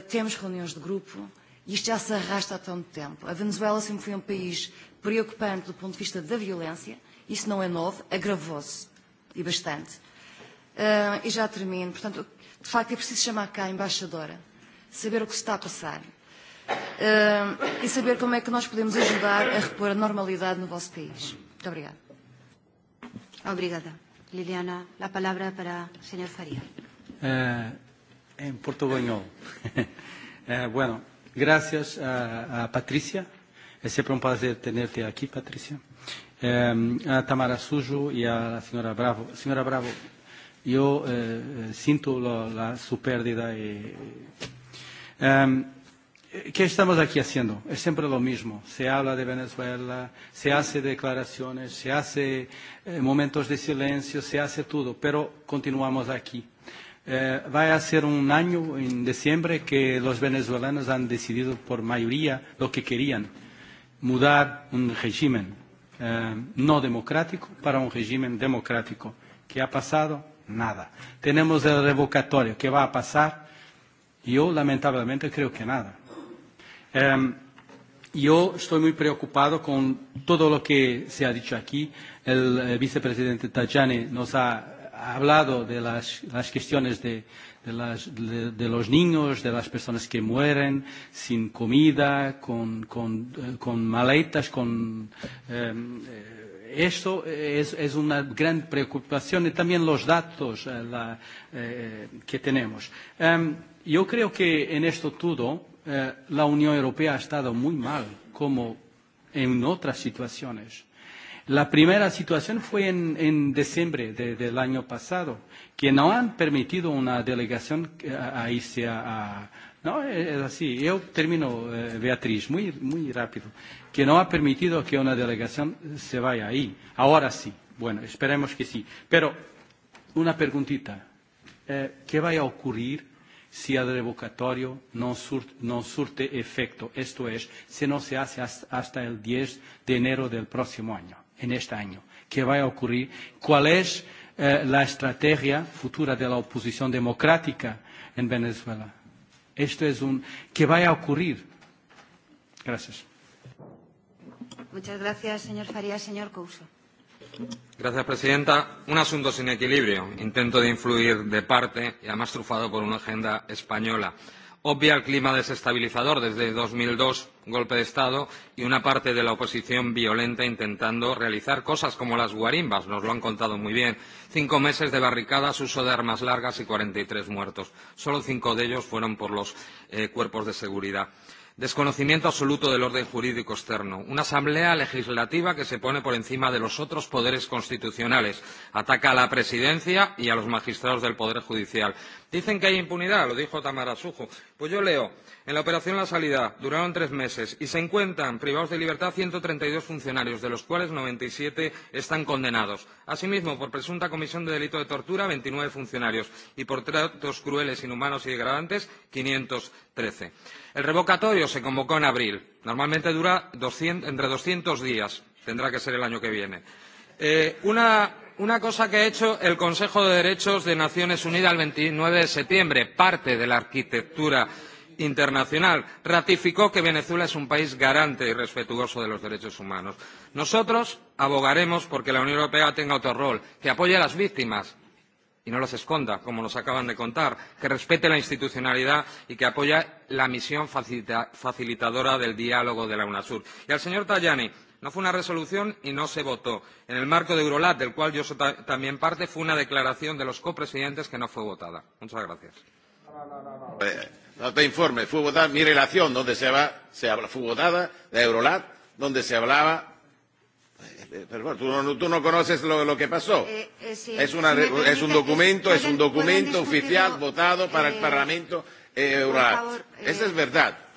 temos reuniões de grupo, e isto já se arrasta há tanto tempo. A Venezuela sempre foi um país preocupante do ponto de vista da violência, isso não é novo, agravou-se, e bastante. Uh, e já termino. Portanto, de facto, é preciso chamar cá a embaixadora, saber o que se está a passar uh, e saber como é que nós podemos ajudar a repor a normalidade no vosso país. Muito obrigada. Obrigada. Liliana, a palavra para o Sr. Faria. Uh, em português. uh, bueno, graças a, a Patrícia. É sempre um prazer ter-te aqui, Patrícia. Um, a Tamara Sujo e a senhora Bravo. Senhora Bravo, Yo eh, siento la, la, su pérdida. Y, um, ¿Qué estamos aquí haciendo? Es siempre lo mismo. Se habla de Venezuela, se hace declaraciones, se hace eh, momentos de silencio, se hace todo, pero continuamos aquí. Eh, va a ser un año en diciembre que los venezolanos han decidido por mayoría lo que querían, mudar un régimen eh, no democrático para un régimen democrático. ¿Qué ha pasado? nada. Tenemos el revocatorio, ¿qué va a pasar? Yo lamentablemente creo que nada. Um, yo estoy muy preocupado con todo lo que se ha dicho aquí. El, el vicepresidente Tajani nos ha hablado de las, las cuestiones de, de, las, de, de los niños, de las personas que mueren sin comida, con, con, con maletas, con. Eh, Esto es, es una gran preocupación y también los datos eh, la, eh, que tenemos. Um, yo creo que en esto todo eh, la Unión Europea ha estado muy mal, como en otras situaciones. La primera situación fue en, en diciembre de, del año pasado, que no han permitido una delegación a irse a... a no, es así. Yo termino, eh, Beatriz, muy, muy rápido que no ha permitido que una delegación se vaya ahí. Ahora sí. Bueno, esperemos que sí. Pero una preguntita. Eh, ¿Qué va a ocurrir si el revocatorio no surte, no surte efecto? Esto es, si no se hace hasta el 10 de enero del próximo año, en este año. ¿Qué va a ocurrir? ¿Cuál es eh, la estrategia futura de la oposición democrática en Venezuela? Esto es un... ¿Qué va a ocurrir? Gracias. Muchas gracias, señor Farías. Señor Couso. Señora presidenta. Un asunto sin equilibrio, intento de influir de parte y además trufado por una agenda española. Obvia el clima desestabilizador desde dos mil dos, golpe de Estado, y una parte de la oposición violenta intentando realizar cosas como las guarimbas, nos lo han contado muy bien. Cinco meses de barricadas, uso de armas largas y cuarenta y tres muertos. Solo cinco de ellos fueron por los cuerpos de seguridad desconocimiento absoluto del orden jurídico externo, una asamblea legislativa que se pone por encima de los otros poderes constitucionales, ataca a la presidencia y a los magistrados del Poder Judicial. Dicen que hay impunidad, lo dijo Tamara Sujo. Pues yo leo, en la operación La Salida duraron tres meses y se encuentran privados de libertad 132 funcionarios, de los cuales 97 están condenados. Asimismo, por presunta comisión de delito de tortura, 29 funcionarios y por tratos crueles, inhumanos y degradantes, 513. El revocatorio se convocó en abril. Normalmente dura 200, entre 200 días. Tendrá que ser el año que viene. Eh, una, una cosa que ha hecho el Consejo de Derechos de Naciones Unidas el 29 de septiembre, parte de la arquitectura internacional, ratificó que Venezuela es un país garante y respetuoso de los derechos humanos. Nosotros abogaremos porque la Unión Europea tenga otro rol, que apoye a las víctimas, y no los esconda, como nos acaban de contar, que respete la institucionalidad y que apoya la misión facilitadora del diálogo de la UNASUR. Y al señor Tajani, no fue una resolución y no se votó. En el marco de Eurolat, del cual yo soy también parte, fue una declaración de los copresidentes que no fue votada. Muchas gracias. No, no, no, no. Eh, no te informe, fue votada mi relación, donde se, va, se habla, fue votada de Eurolat, donde se hablaba Pero bueno, tú no, tú no conoces lo, lo que pasó. Eh, eh, sí, es, una, si es un documento, es un documento oficial votado para el Parlamento eh, Europeo. Esa es verdad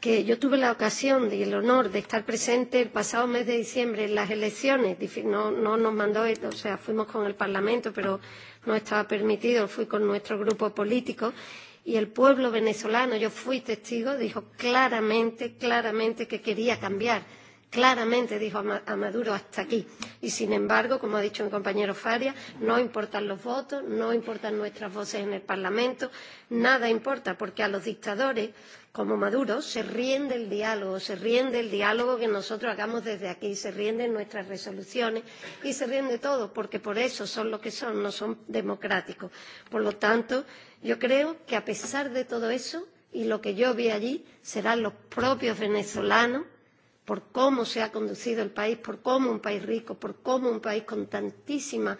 que yo tuve la ocasión y el honor de estar presente el pasado mes de diciembre en las elecciones. No, no nos mandó, o sea, fuimos con el Parlamento, pero no estaba permitido, fui con nuestro grupo político. Y el pueblo venezolano, yo fui testigo, dijo claramente, claramente que quería cambiar Claramente dijo a Maduro hasta aquí. Y sin embargo, como ha dicho mi compañero Faria, no importan los votos, no importan nuestras voces en el Parlamento, nada importa, porque a los dictadores como Maduro se ríen del diálogo, se ríen del diálogo que nosotros hagamos desde aquí, se ríen de nuestras resoluciones y se ríen de todo, porque por eso son lo que son, no son democráticos. Por lo tanto, yo creo que a pesar de todo eso y lo que yo vi allí, serán los propios venezolanos por cómo se ha conducido el país, por cómo un país rico, por cómo un país con tantísima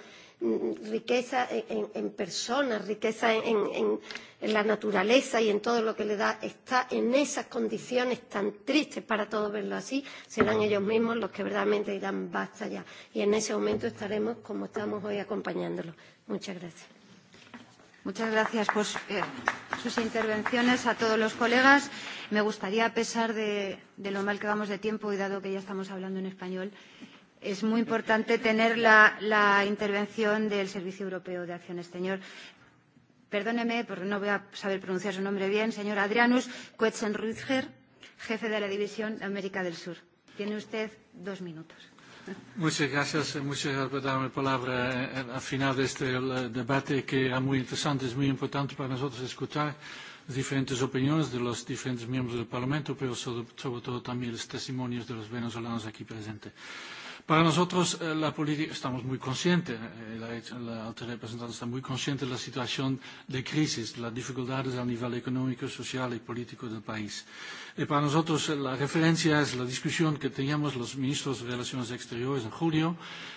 riqueza en, en personas, riqueza en, en, en la naturaleza y en todo lo que le da, está en esas condiciones tan tristes para todos verlo así, serán ellos mismos los que verdaderamente dirán basta ya. Y en ese momento estaremos como estamos hoy acompañándolos. Muchas gracias. Muchas gracias por sus intervenciones a todos los colegas. Me gustaría, a pesar de, de lo mal que vamos de tiempo y dado que ya estamos hablando en español, es muy importante tener la, la intervención del Servicio Europeo de Acción Exterior. Perdóneme, porque no voy a saber pronunciar su nombre bien, señor Adrianus Koetzenrüther, jefe de la División América del Sur. Tiene usted dos minutos. Muchas gracias, muchas gracias por darme la palabra al final de este debate que era muy interesante, es muy importante para nosotros escuchar las diferentes opiniones de los diferentes miembros del Parlamento, pero sobre, sobre todo también los testimonios de los venezolanos aquí presentes. Para nosotros, la política, estamos muy conscientes, la, la alta representante está muy consciente de la situación de crisis, las dificultades a nivel económico, social y político del país. Y para nosotros, la referencia es la discusión que teníamos los ministros de Relaciones Exteriores en julio,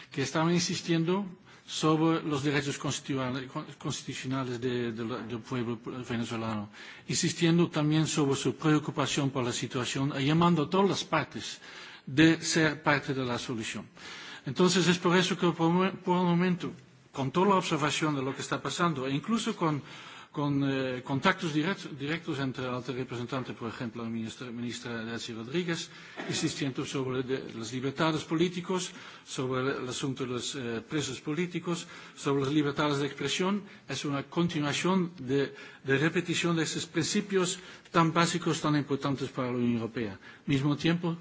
que estaban insistiendo sobre los derechos constitucionales de, de, del pueblo venezolano, insistiendo también sobre su preocupación por la situación y llamando a todas las partes de ser parte de la solución. Entonces es por eso que por el momento, con toda la observación de lo que está pasando, e incluso con, con eh, contactos directos, directos entre el alto representante, por ejemplo, la ministra, ministra Delcy Rodríguez, insistiendo sobre de, las libertades políticas, sobre el asunto de los eh, presos políticos, sobre las libertades de expresión. Es una continuación de, de repetición de esos principios tan básicos, tan importantes para la Unión Europea. Al mismo tiempo,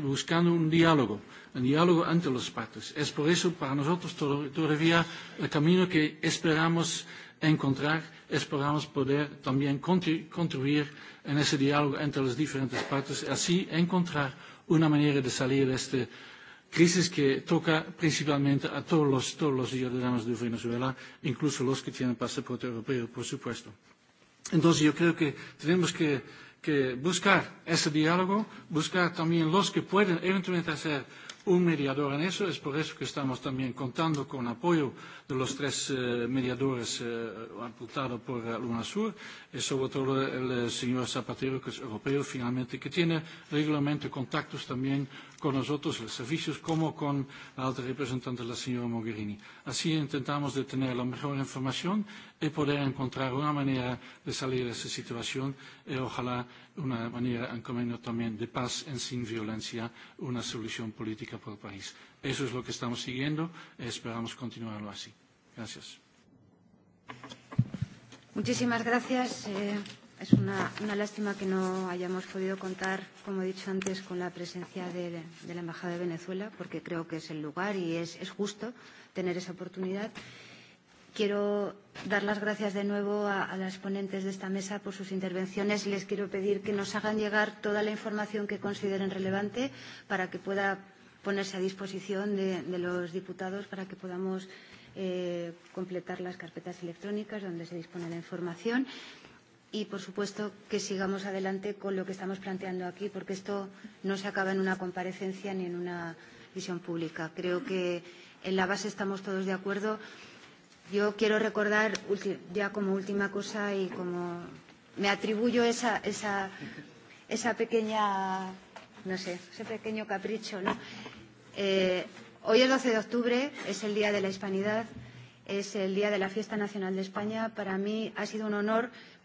buscando un diálogo, un diálogo entre los partes. Es por eso para nosotros todavía el camino que esperamos encontrar, esperamos poder también contribuir en ese diálogo entre las diferentes partes y así encontrar una manera de salir de esta crisis que toca principalmente a todos los, todos los ciudadanos de Venezuela, incluso los que tienen pasaporte europeo, por supuesto. Entonces yo creo que tenemos que que buscar ese diálogo, buscar también los que pueden eventualmente hacer un mediador en eso. Es por eso que estamos también contando con apoyo de los tres eh, mediadores eh, apuntados por Luna Lunasur y sobre todo el, el señor Zapatero, que es europeo finalmente, que tiene regularmente contactos también con nosotros, los servicios, como con la alta representante, la señora Mogherini. Así intentamos de tener la mejor información y poder encontrar una manera de salir de esa situación y ojalá una manera, en camino también de paz en sin violencia, una solución política para el país. Eso es lo que estamos siguiendo y esperamos continuarlo así. Gracias. Muchísimas gracias. Eh... Es una, una lástima que no hayamos podido contar, como he dicho antes, con la presencia de, de la Embajada de Venezuela, porque creo que es el lugar y es, es justo tener esa oportunidad. Quiero dar las gracias de nuevo a, a las ponentes de esta mesa por sus intervenciones. Les quiero pedir que nos hagan llegar toda la información que consideren relevante para que pueda ponerse a disposición de, de los diputados para que podamos eh, completar las carpetas electrónicas donde se dispone la información y, por supuesto, que sigamos adelante con lo que estamos planteando aquí, porque esto no se acaba en una comparecencia ni en una visión pública. Creo que en la base estamos todos de acuerdo. Yo quiero recordar, ya como última cosa, y como me atribuyo esa, esa, esa pequeña, no sé, ese pequeño capricho, ¿no? Eh, hoy es 12 de octubre, es el Día de la Hispanidad, es el Día de la Fiesta Nacional de España. Para mí ha sido un honor